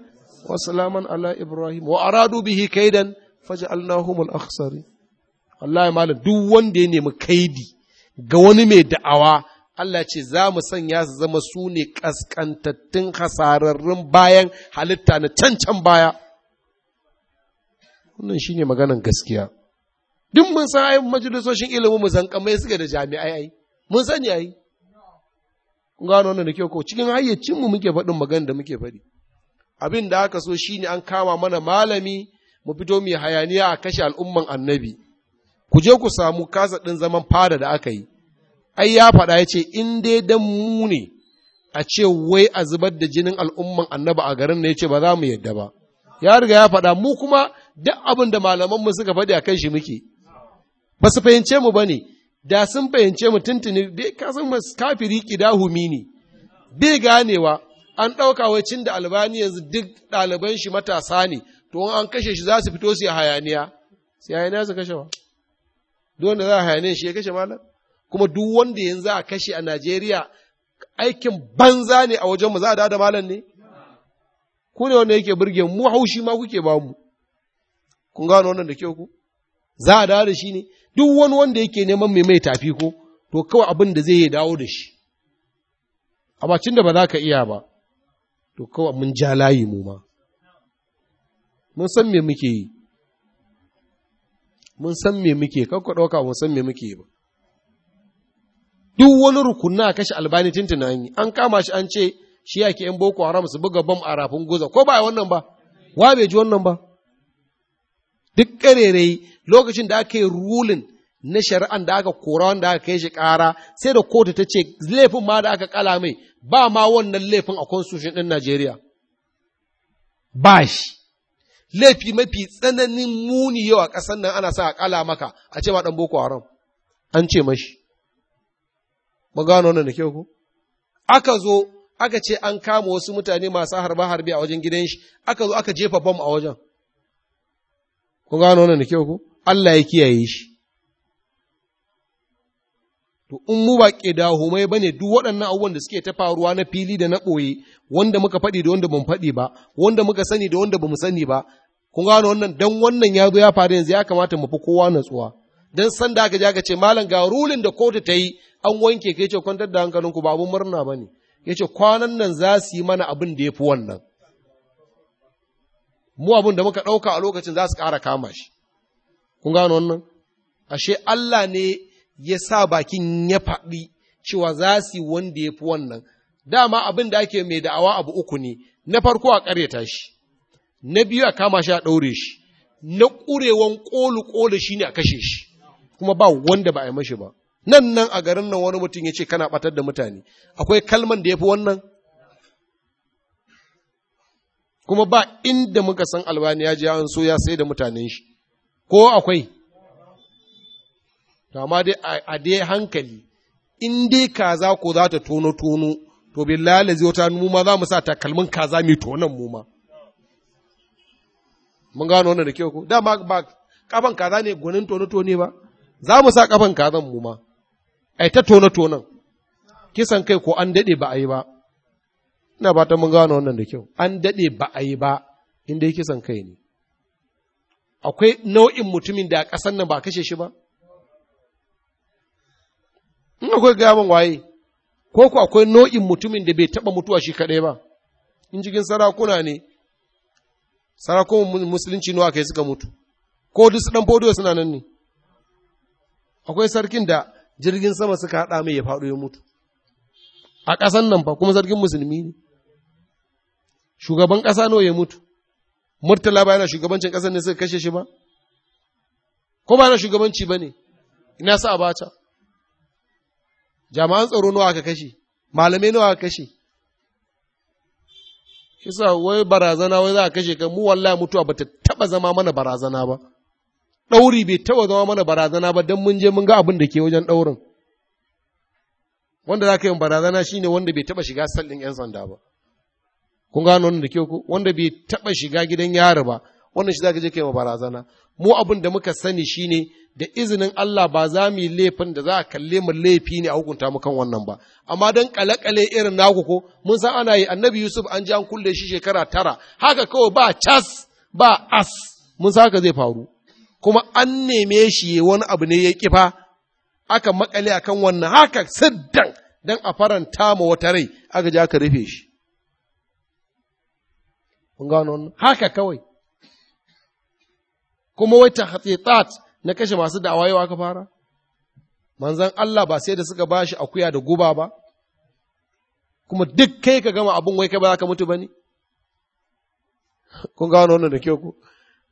wa salaman ala ibrahim wa aradu bihi kaidan faj'alnahum al-akhsari ya malam duk wanda ya nemi kaidi ga wani mai da'awa Allah ce za mu sanya su zama su ne ƙasƙantattun hasararrun bayan halitta na can-can baya. Wannan shi ne maganan gaskiya. Duk mun san ai majalisoshin ilimin mu zankamai suke da jami'ai ai, mun sani ai. Kun gano wannan da kyau ko cikin hayyacin mu muke faɗin magana da muke faɗi. Abin da aka so shi ne an kama mana malami mu fito mu hayaniya a kashe al'umman annabi. Ku je ku samu kasa ɗin zaman fada da aka yi. ai ya faɗa ya ce in dai dan mu ne a ce wai a zubar da jinin al'umman annaba a garin na ya ce ba za mu yadda ba ya riga ya faɗa mu kuma duk abin da malamanmu suka faɗi a kan shi muke ba su fahimce mu ba ne da sun fahimce mu tuntuni bai kasan kafiri kidahu mini bai ganewa an ɗauka cin da albani yanzu duk ɗaliban shi matasa ne to an kashe shi za su fito su yi hayaniya sai hayaniya su kashe wa duk wanda za a hayaniya shi ya kashe malam kuma duk wanda yanzu a kashe a Najeriya aikin banza ne a wajenmu za a da malam ne? Ku ne wanda yake birge mu haushi ma kuke ba mu. Kun gano wannan da kyau ku? Za a da shi ne? Duk wani wanda yake neman mai mai tafi ko, to kawai abin da zai yi dawo da shi. A bacin da ba za ka iya ba, to kawai mun ja layi mu ma. Mun san me muke yi. Mun san me muke, kakwa ɗauka mun san me muke yi ba. duk wani rukunna a kashe albani tunani, an yi an kama shi an ce shi yake yan boko haram su buga bam a rafin guza ko ba wannan ba wa bai ji wannan ba duk karerai lokacin da aka yi rulin na shari'an da aka kora wanda aka kai shi kara sai da kotu ta ce laifin ma da aka kala mai ba ma wannan laifin a constitution ɗin Najeriya. Ba shi. Laifi mafi tsananin muni yau a kasan nan ana sa a kala maka a ce ma dan Boko Haram. An ce mashi. Mun gano wannan da kyau ko? Aka zo aka ce an kama wasu mutane masu harbe-harbe a wajen gidan shi, aka zo aka jefa bom a wajen. Ku gano wannan da kyau ko? Allah ya kiyaye shi. To, in mu ba ke dahumai ba ne duk waɗannan abubuwan da suke ta faruwa na fili da na ɓoye, wanda muka faɗi da wanda ban faɗi ba, wanda muka sani da wanda ba mu sani ba, kun gano wannan dan wannan ya zo ya faru yanzu ya kamata mu fi kowa natsuwa. Dan san da aka ji aka ce malam ga rulin da kotu ta yi an wanke ka yace kwantar da hankalinku ba abun murna ba ne yace kwanan nan za su yi mana abin da ya fi wannan mu abin da muka ɗauka a lokacin za su ƙara kama shi kun gano wannan ashe Allah ne ya sa bakin ya faɗi cewa za su yi wanda ya fi wannan dama abin da ake mai da'awa abu uku ne na farko a ƙaryata shi na biyu a kama shi a ɗaure shi na ƙurewan ƙolu ƙolu shi ne a kashe shi kuma ba wanda ba a yi mashi ba nan nan a garin nan wani mutum ya ce kana batar da mutane akwai kalman da ya fi wannan kuma ba inda muka san albani ya ji an so ya sai da mutanen shi ko akwai amma dai a dai hankali in dai kaza ko za ta tono tono to billahi lazi wata mu ma za mu sa takalmin kaza mai tonon mu ma mun gano wannan da kyau ko dama ba kafan kaza ne gwanin tono tono ba za mu sa kafan kazan mu ma ai ta tona tonan kisan kai ko an daɗe ba a yi ba ina ba ta mun gano wannan da kyau an daɗe ba a yi ba inda kisan kai ne akwai nau'in mutumin da a ƙasan nan ba kashe shi ba in akwai gaban waye ko ku akwai nau'in mutumin da bai taɓa mutuwa shi kaɗai ba in jikin sarakuna ne sarakunan musulunci nawa kai suka mutu ko duk su ɗan fodiyo suna nan ne akwai sarkin da jirgin sama suka haɗa mai ya faɗo ya mutu a ƙasan nan fa kuma zargin musulmi ne shugaban ƙasa nawa ya mutu murtala ba yana shugabancin ƙasar ne suka kashe shi ba ko ba na shugabanci ba ne ina sa a bata Jama'an tsaro nawa aka kashe malamai nawa aka kashe kisa wai barazana wai za a kashe kan mu wallahi mutuwa ba ta taɓa zama mana barazana ba ɗauri bai taɓa zama mana barazana ba don mun je mun ga abin da ke wajen ɗaurin. Wanda za ka yi barazana shi ne wanda bai taɓa shiga sallin ‘yan sanda ba. Kun gano wanda ke ku? Wanda bai taɓa shiga gidan yari ba, wannan shi za ka je ka yi barazana. Mu abin da muka sani shi ne da izinin Allah ba za mu yi laifin da za a kalle mu laifi ne a hukunta mu kan wannan ba. Amma don ƙale-ƙale irin naku ko mun san ana yi annabi Yusuf an ji an kulle shi shekara tara haka kawai ba cas ba as mun san haka zai faru. kuma an neme shi wani abu ne ya kifa aka makale akan wannan haka siddan don a faranta ma wata rai aka ja ka rufe shi kun gano wannan haka kawai kuma wai tahqiqat na kashe masu da'awa yau aka fara Manzan Allah ba sai da suka bashi akuya da guba ba kuma duk kai ka gama abin wai kai ba za ka mutu ba ne? Kun gano wannan da kyau ku?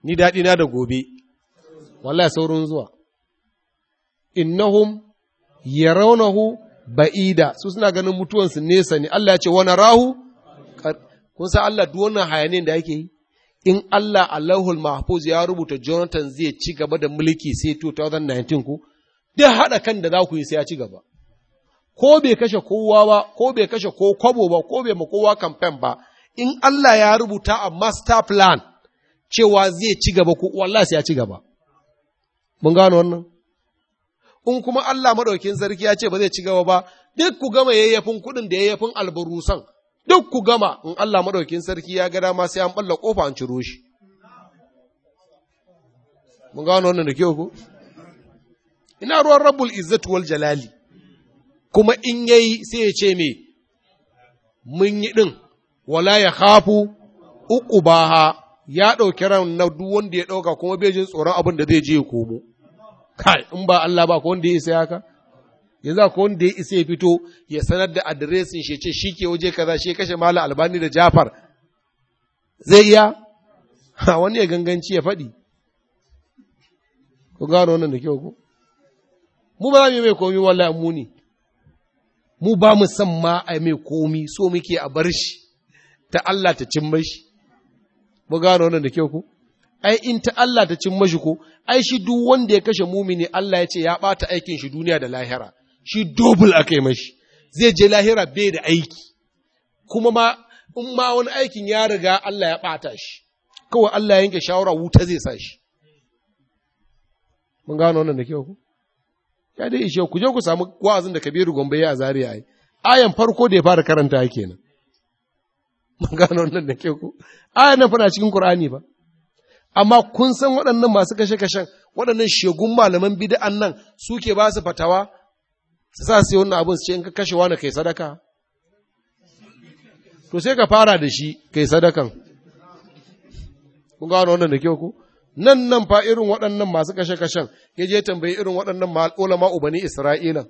Ni daɗi na da gobe, wallahi saurin zuwa innahum yarawnahu ba'ida su suna ganin mutuwansu nesa ne Allah ya ce wana rahu kun san Allah duk wannan hayanin da yake yi in Allah Allahul Mahfuz ya rubuta Jonathan zai ci gaba da mulki sai 2019 ku duk haɗa kan da za ku yi sai ya ci gaba ko bai kashe kowa ba ko bai kashe ko kwabo ba ko bai ma kowa kamfen ba in Allah ya rubuta a master plan cewa zai ci gaba ko wallahi sai ya ci gaba Mun gano wannan? In kuma Allah maɗaukin sarki ya ce ba zai ci gaba ba, duk ku gama yayyafin kuɗin da yayyafin albarusan, duk ku gama in Allah maɗaukin sarki ya ga dama sai an ɓalla ƙofa an ciro shi. Mun gano wannan da kyau ko? Ina ruwan rabbul izzatu wal jalali, kuma in yayi sai ya ce me, mun yi ɗin, wala ya hafu uku baha ya ɗauki ran na duk wanda ya ɗauka kuma bai jin tsoron abin da zai je ya komo. kai in ba Allah ba ko wanda ya isa haka yanzu ko wanda ya isa ya fito ya sanar da adiresin shi ce shi ke waje kaza shi kashe mala albani da jafar zai iya ha wani ya ganganci ya faɗi ku gano wannan da kyau ko mu ba mu mai komi wallahi mu ne mu ba mu san ma ai mai komi so muke a bar shi ta Allah ta cimma shi mu gano wannan da kyau ko ai in ta Allah ta cin mashi ko ai shi duk wanda ya kashe mumini Allah ya ce ya ɓata aikin shi duniya da lahira shi dobul akai mashi zai je lahira bai da aiki kuma ma in ma wani aikin ya riga Allah ya ɓata shi kawai Allah ya yanke shawara wuta zai sa shi mun gano wannan da kyau ku ya dai ishe ku je ku samu wa'azin da Kabiru Gombe ya zariya ai ayan farko da ya fara karanta kenan mun gano wannan da kyau ku ayan nan fa cikin Qur'ani ba amma kun san waɗannan masu kashe-kashen waɗannan shegun malaman bid'an nan suke ba su fatawa su sa sai wannan abin su ce in ka kashe wani kai sadaka to sai ka fara da shi kai sadakan kun gano wannan da kyau ku nan nan fa irin waɗannan masu kashe-kashen ya je tambayi irin waɗannan ulama ubani Isra'ila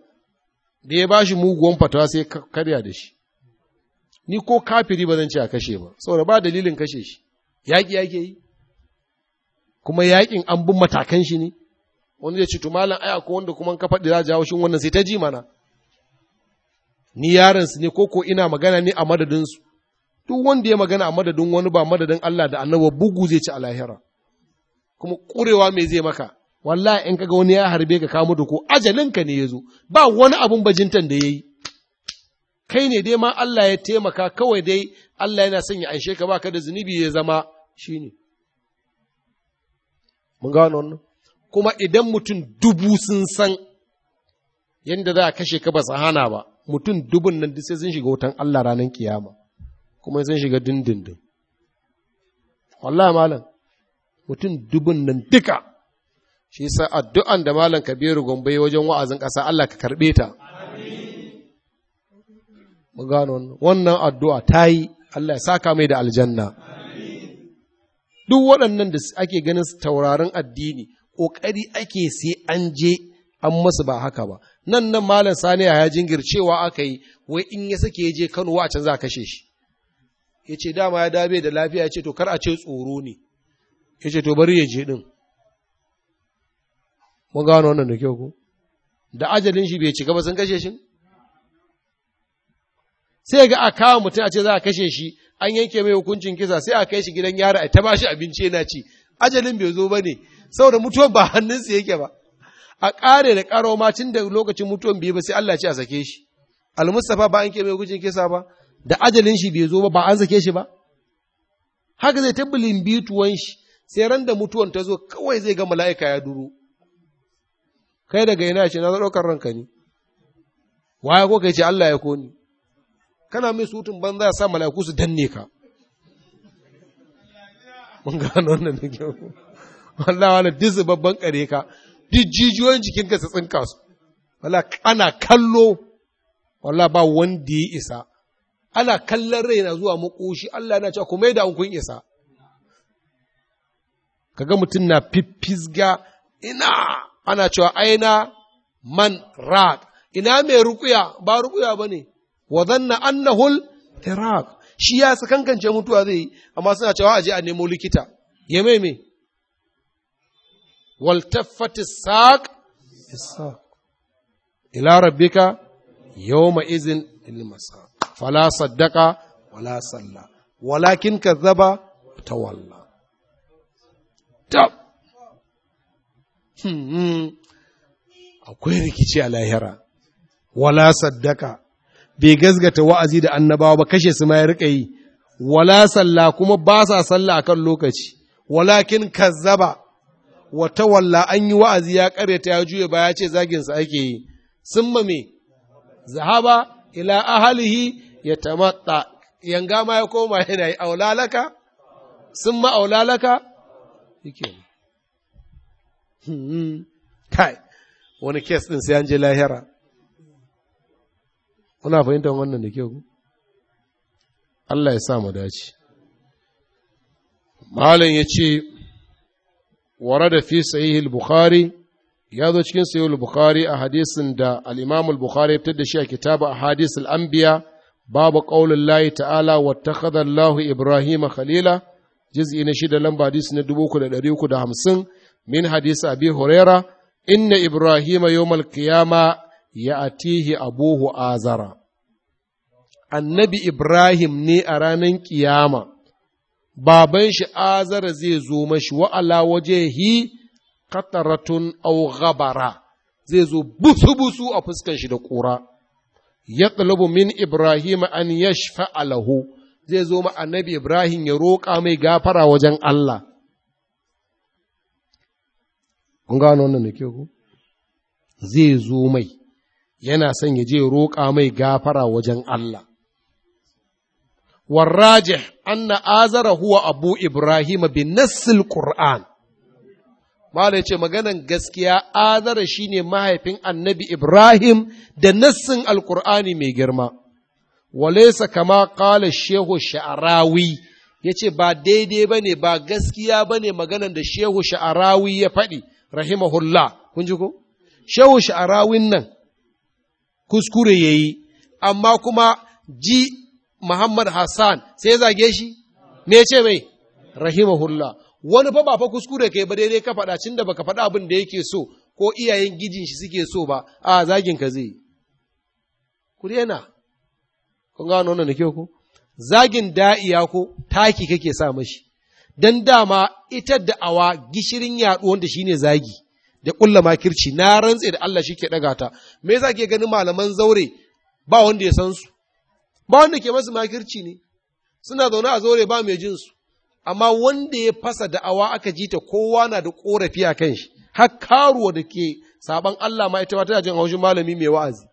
da ya bashi muguwan fatawa sai karya da shi ni ko kafiri ba zan ce a kashe ba saboda ba dalilin kashe shi yaƙi yake yi kuma yakin an bin matakan shi ne wanda ya ce to malam ai ko wanda kuma ka faɗi za jawo shi, wannan sai ta ji mana ni yaron su ne ko ko ina magana ne a madadin su duk wanda ya magana a madadin wani ba madadin Allah da annabi bugu zai ci a lahira kuma kurewa me zai maka wallahi in ga wani ya harbe ka kamu da ko ajalin ka ne ya zo. ba wani abun bajintan da ya yi. kai ne dai ma Allah ya taimaka kawai dai Allah yana son ya aishe ka baka da zunubi ya zama shine Mun gano wannan? Kuma idan mutum dubu sun san yadda za a kashe ka ba su hana ba, mutum dubun nan duk sai sun shiga wutan Allah ranar kiyama, kuma sun shiga dindindin. Wallahi malam, mutum dubun nan duka, shi sa addu'an da malam Kabiru Gombe wajen wa'azin ƙasa Allah ka karɓe ta. Mun gano wannan addu'a ta yi, Allah ya saka mai da aljanna. duk waɗannan da ake ganin taurarin addini ƙoƙari ake sai an je an masu ba haka ba nan nan malam sani ya jingir cewa aka yi wai in ya sake je kano wa can za kashe shi ya ce dama ya dabe da lafiya ya ce to kar a ce tsoro ne ya ce to bari ya je ɗin mun gano wannan da kyau ko da ajalin shi bai cika ba sun kashe shi sai ga a kawo mutum a ce za a kashe shi an yanke mai hukuncin kisa sai a kai shi gidan yara a ta shi abinci yana ci ajalin bai zo ba ne saboda mutuwar ba hannunsa yake ba a ƙare da ƙaro ma tun da lokacin mutuwan biyu ba sai Allah ce a sake shi almustafa ba an ke mai hukuncin kisa ba da ajalin shi bai zo ba ba an sake shi ba haka zai ta tuwon shi sai ran da mutuwan ta zo kawai zai ga mala'ika ya duro kai daga ina ce na ɗaukar ranka ne waye ko kai ce Allah ya koni kana mai sutun banza sa mala'iku su danne ka mun gano wannan da kyau wallahi wala disu babban kare ka duk jijiyoyin jikinka su tsinka su wala ana kallo wala ba wanda ya isa ana kallon rai na zuwa makoshi Allah na cewa kuma da kun isa kaga mutum na fifisga ina ana cewa aina man rat ina mai rukuya ba rukuya ba ne wa zanna annahul iraq shi ya sakankance mutuwa zai yi amma suna cewa aje a nemo likita ya mai me wal taffati saq isaq ila rabbika yawma izin il masaq fala saddaqa wala salla walakin kazzaba tawalla tab hmm, hmm. akwai rikici a lahira wala saddaka bai gazgata wa'azi da annabawa ba kashe su ma ya yi wala sallah kuma ba sa sallah kan lokaci walakin kazzaba wa walla an yi wa'azi ya karyata ya juya ba ya ce zagin ake yi Sun ma me zahaba ila ta yatamatta yanga ma ya koma yana yi aulalaka Sun ma aulalaka yake hmm, hmm. kai wani kes ɗin sai an je lahira kuna fahimtar wannan da kyau Allah ya sa mu dace malam ya ce da fi sahih al-bukhari ya zo cikin sahih al-bukhari a hadisin da al-imam al-bukhari fitar da shi a kitabu a hadis al-anbiya babu ƙaunin layi ta'ala wattakhadha Allahu Ibrahim khalila juz'i na shida lamba hadis na hamsin, min hadis abi huraira inna Ibrahim yawmal qiyama ya abuhu azara annabi ibrahim ne a ranar kiyama baban shi azara zai zo mashi wa'ala wajehi kataratun au ghabara zai zo busu-busu a fuskan shi da ƙura ya min ibrahim an yashfa alahu zai zo ma annabi ibrahim ya roƙa mai gafara wajen allah kun gano wannan da ke ku zai zo mai yana son ya je roƙa mai gafara wajen Allah. Warraje, anna azara huwa abu Ibrahim bin nassil Qur'an. Mala ce maganan gaskiya azara shine mahaifin annabi Ibrahim da nassin Alƙur'ani mai girma. Walesa kama ƙala shehu sha'arawi ya ce ba daidai ba ne ba gaskiya ba ne maganan da shehu sha'arawi ya faɗi rahimahullah kun ji ko? Shehu sha'arawin nan kuskure ya yi, amma kuma ji Muhammad Hassan sai ya zage shi, me ce mai? Rahimahullah. Wani fa ba fa kuskure kai ba daidai ka faɗa cin da baka faɗa abin da yake so ko iyayen gijin shi suke so ba, a zagin ka zai. Ku daina, kun gano wannan da kyau ko? Zagin da'iya ko taki kake sa mashi, don dama ita da awa gishirin yaɗo wanda shine zagi. da ma makirci na rantse da Allah shi ke ɗaga ta me yasa ke ganin malaman zaure ba wanda ya san su ba wanda ke masu makirci ne suna zaune a zaure ba mai jin su amma wanda ya fasa da'awa aka ji ta kowa na da ƙorafi a kan shi har karuwa da ke saban Allah ma ita tana jin haushin malami mai wa'azi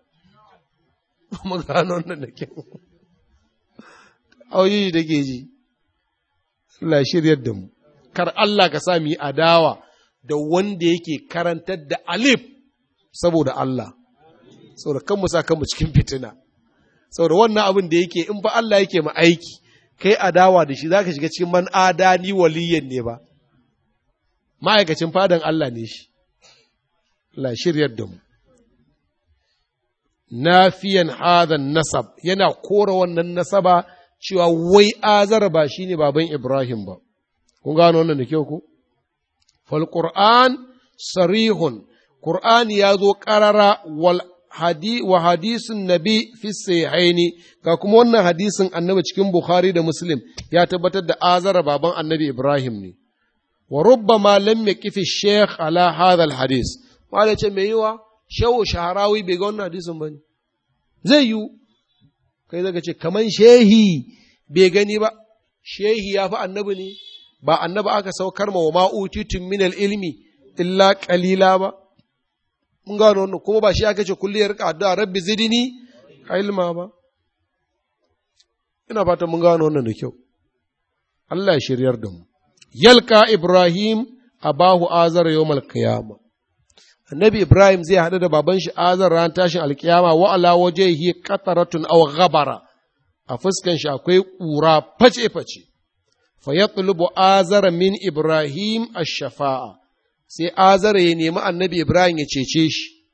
*laughs* mun gano nan da ke auyi da ke ji Allah shiryar da mu kar Allah ka sa mu yi adawa da wanda yake karantar da alif saboda Allah saboda kan musa kanmu cikin fitina saboda wannan abin da yake in ba Allah yake ma aiki kai adawa da shi zaka shiga cikin man adani waliyan ne ba ma'aikacin fadan Allah ne shi La shiryar da mu nafiyan hadan nasab yana kora wannan nasaba cewa wai azar ba shine baban Ibrahim ba kun gano wannan da kyau ko fal sarihun kur'ani ya zo qarara wa hadisin nabi fi sahihaini ga kuma wannan hadisin annabi cikin bukhari da muslim ya tabbatar da azara baban annabi ibrahim ne wa malam lam yaqifi shaykh ala hadha al hadis mala ce mai yiwa shehu shaharawi bai ga wannan hadisin bane zai yi kai zaka ce kaman shehi bai gani ba shehi ya fi annabi ne ba annaba aka saukar ma wa ma'utitun min ilmi illa kalila ba mun gano wannan kuma ba shi aka ce kulli yarka addu'a rabbi a ilma ba ina fata mun gano wannan da kyau Allah ya shiryar da mu yalka ibrahim abahu azar yawmal qiyama annabi ibrahim zai haɗu da baban shi azar ran tashin alkiyama wa ala wajhihi qataratun aw ghabara a fuskan shi akwai ƙura face-face fa yatlubu azara min ibrahim ash-shafa'a sai azara ya nemi annabi ibrahim ya cece shi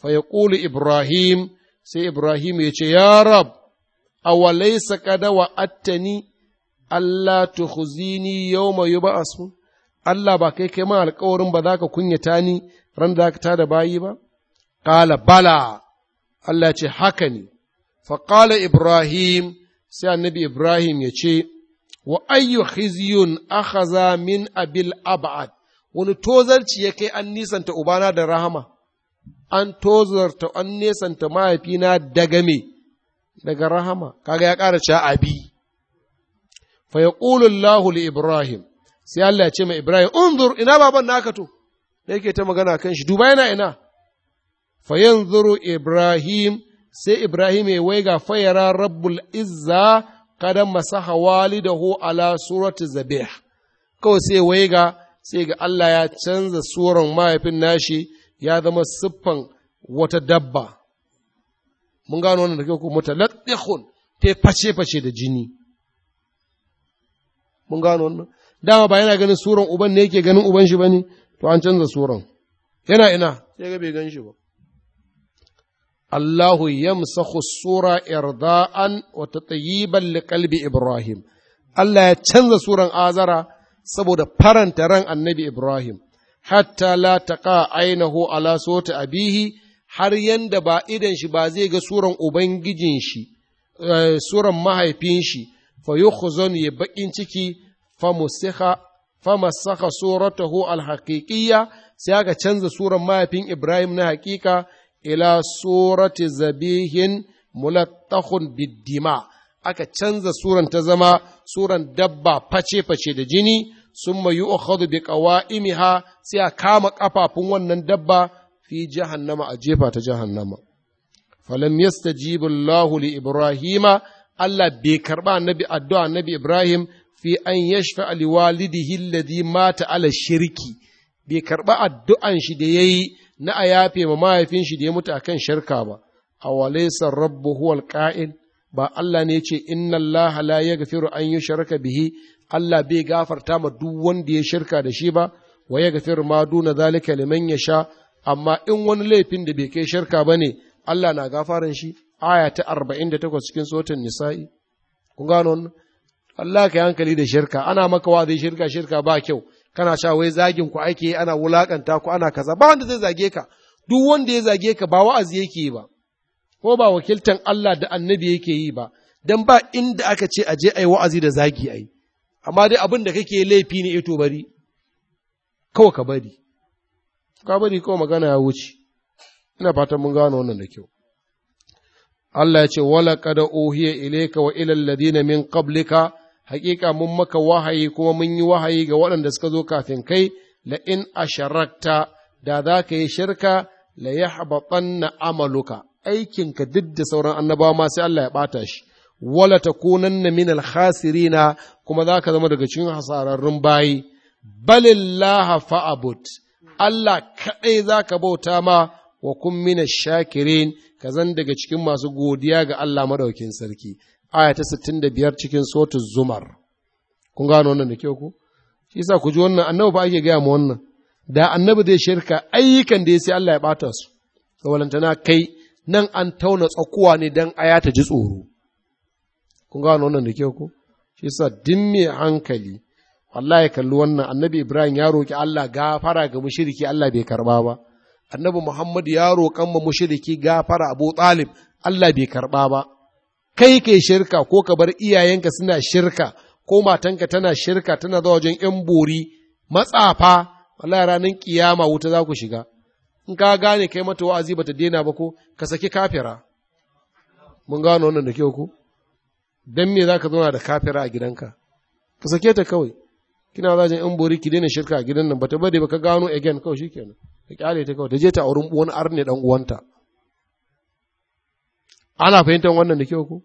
fa yaqulu ibrahim sai ibrahim ya ce ya rab awalaysa qad wa'attani Allah tukhzini yawma yub'asu Allah ba kai kai ma alƙawarin ba za ka kunyata ni ran da ka tada bayi ba qala bala Allah ce haka ne fa qala ibrahim sai annabi ibrahim ya ce wa ayyu khizyun akhaza min abil ab'ad wani tozarci ya kai an nisanta ubana da rahama an tozarta an nisanta mahaifina daga me daga rahama kaga ya ƙara cewa abi fa yaqulu Allahu li Ibrahim sai Allah ya ce ma Ibrahim unzur ina baban naka to da yake ta magana kan shi duba yana ina fa yanzuru Ibrahim sai Ibrahim ya waiga fayara rabbul izza kada masaha walidahu ala surati zabih kawai sai wai ga sai ga Allah ya canza suran mahaifin nashi ya zama siffan wata dabba mun gano wannan da kyau ko mutaladdihun ta face face da jini mun gano wannan dama ba yana ganin suran uban ne yake ganin uban shi bane to an canza suran yana ina sai ga bai gan shi ba Allahu yamsahu sura irda'an Ibrahim Allah ya canza suran azara saboda faranta ran annabi Ibrahim hatta la taqa ainahu ala sota abihi har yanda ba idon shi ba zai ga suran ubangijin shi eh, suran mahaifin shi fa ya bakin ciki fa musikha fa masakha suratahu al haqiqiyya sai aka canza suran mahaifin Ibrahim na haƙiƙa ila surati zabihin mulattakhun biddima aka canza suran ta zama suran dabba face-face da jini sun mayu ukhadu bi qawa'imiha sai a kama kafafun wannan dabba fi jahannama a jefa ta jahannama falam yastajibu Allah li Ibrahima Allah bai karba annabi addu'a annabi Ibrahim fi an yashfa li walidihi alladhi mata ala shirki bai karba addu'an shi da yayi na a yafe ma mahaifin shi da ya mutu akan shirka ba a walaisar rabbu huwal qa'il ba Allah ne ce inna Allah la gafiru an shirka bihi Allah bai gafarta ma duk wanda ya shirka da shi ba wa ya gafiru ma duna zalika liman sha. amma in wani laifin da bai kai shirka ne, Allah na gafaran shi aya ta 48 cikin sotan nisa'i kun gano wannan Allah ka hankali da shirka ana maka wa zai shirka shirka ba kyau kana sha wai zagin ku ake ana wulakanta ku ana kaza ba wanda zai zage ka duk wanda ya zage ka ba wa'azi yake yi ba ko ba wakiltan Allah da annabi yake yi ba dan ba inda aka ce aje ai wa'azi da zagi ai amma dai abin da kake laifi ne ito eh bari kawa ka bari ka bari kawai magana ya wuce ina fatan mun gano wannan da kyau Allah ya ce wala qad uhiya ilayka wa ilal ladina min qablika hakika mun maka wahayi kuma mun yi wahayi ga waɗanda suka zo kafin kai la in asharakta da za ka yi shirka la na amaluka aikinka duk da sauran annabawa ma sai Allah ya ɓata shi wala ta kunan na minal khasirina kuma za ka zama daga cikin hasararrun bayi balillaha fa'abud Allah kaɗai za ka bauta ma wa kun mina shakirin ka zan daga cikin masu godiya ga Allah maɗaukin sarki aya ta 65 cikin sotu zumar kun gano wannan da kyau ku shi sa ku ji wannan annabi ba ake gaya mu wannan da annabi zai shirka ayyukan da ya sai Allah ya bata su walantana kai nan an tauna tsakuwa ne dan aya ta ji tsoro kun gano wannan da kyau ku shi sa din mai hankali ya kalli wannan annabi Ibrahim ya roki Allah gafara ga mushriki Allah bai karba ba annabi Muhammad ya roƙan mushiriki mushriki gafara Abu Talib Allah bai karba ba kai ke shirka ko ka bar iyayenka suna shirka ko matanka tana shirka tana zuwa wajen yan bori matsafa wallahi ranar kiyama wuta za ku shiga in ka gane kai mata wa'azi bata daina ba ko ka saki kafira mun gano wannan da kyau ko dan me zaka zauna da kafira a gidanka ka sake ta kawai kina wajen yan bori ki daina shirka a gidan nan bata bade ba ka gano again kawai shikenan ka kyale ta kawai ta je ta auren uwan arne dan uwanta ana fahimtar wannan da kyau ko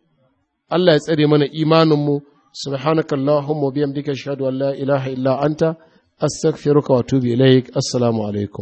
Allah ya tsare mana imaninmu subhanaka allahumma biyamdika ashhadu an la ilaha illa anta astaghfiruka wa atubu ilaik assalamu alaikum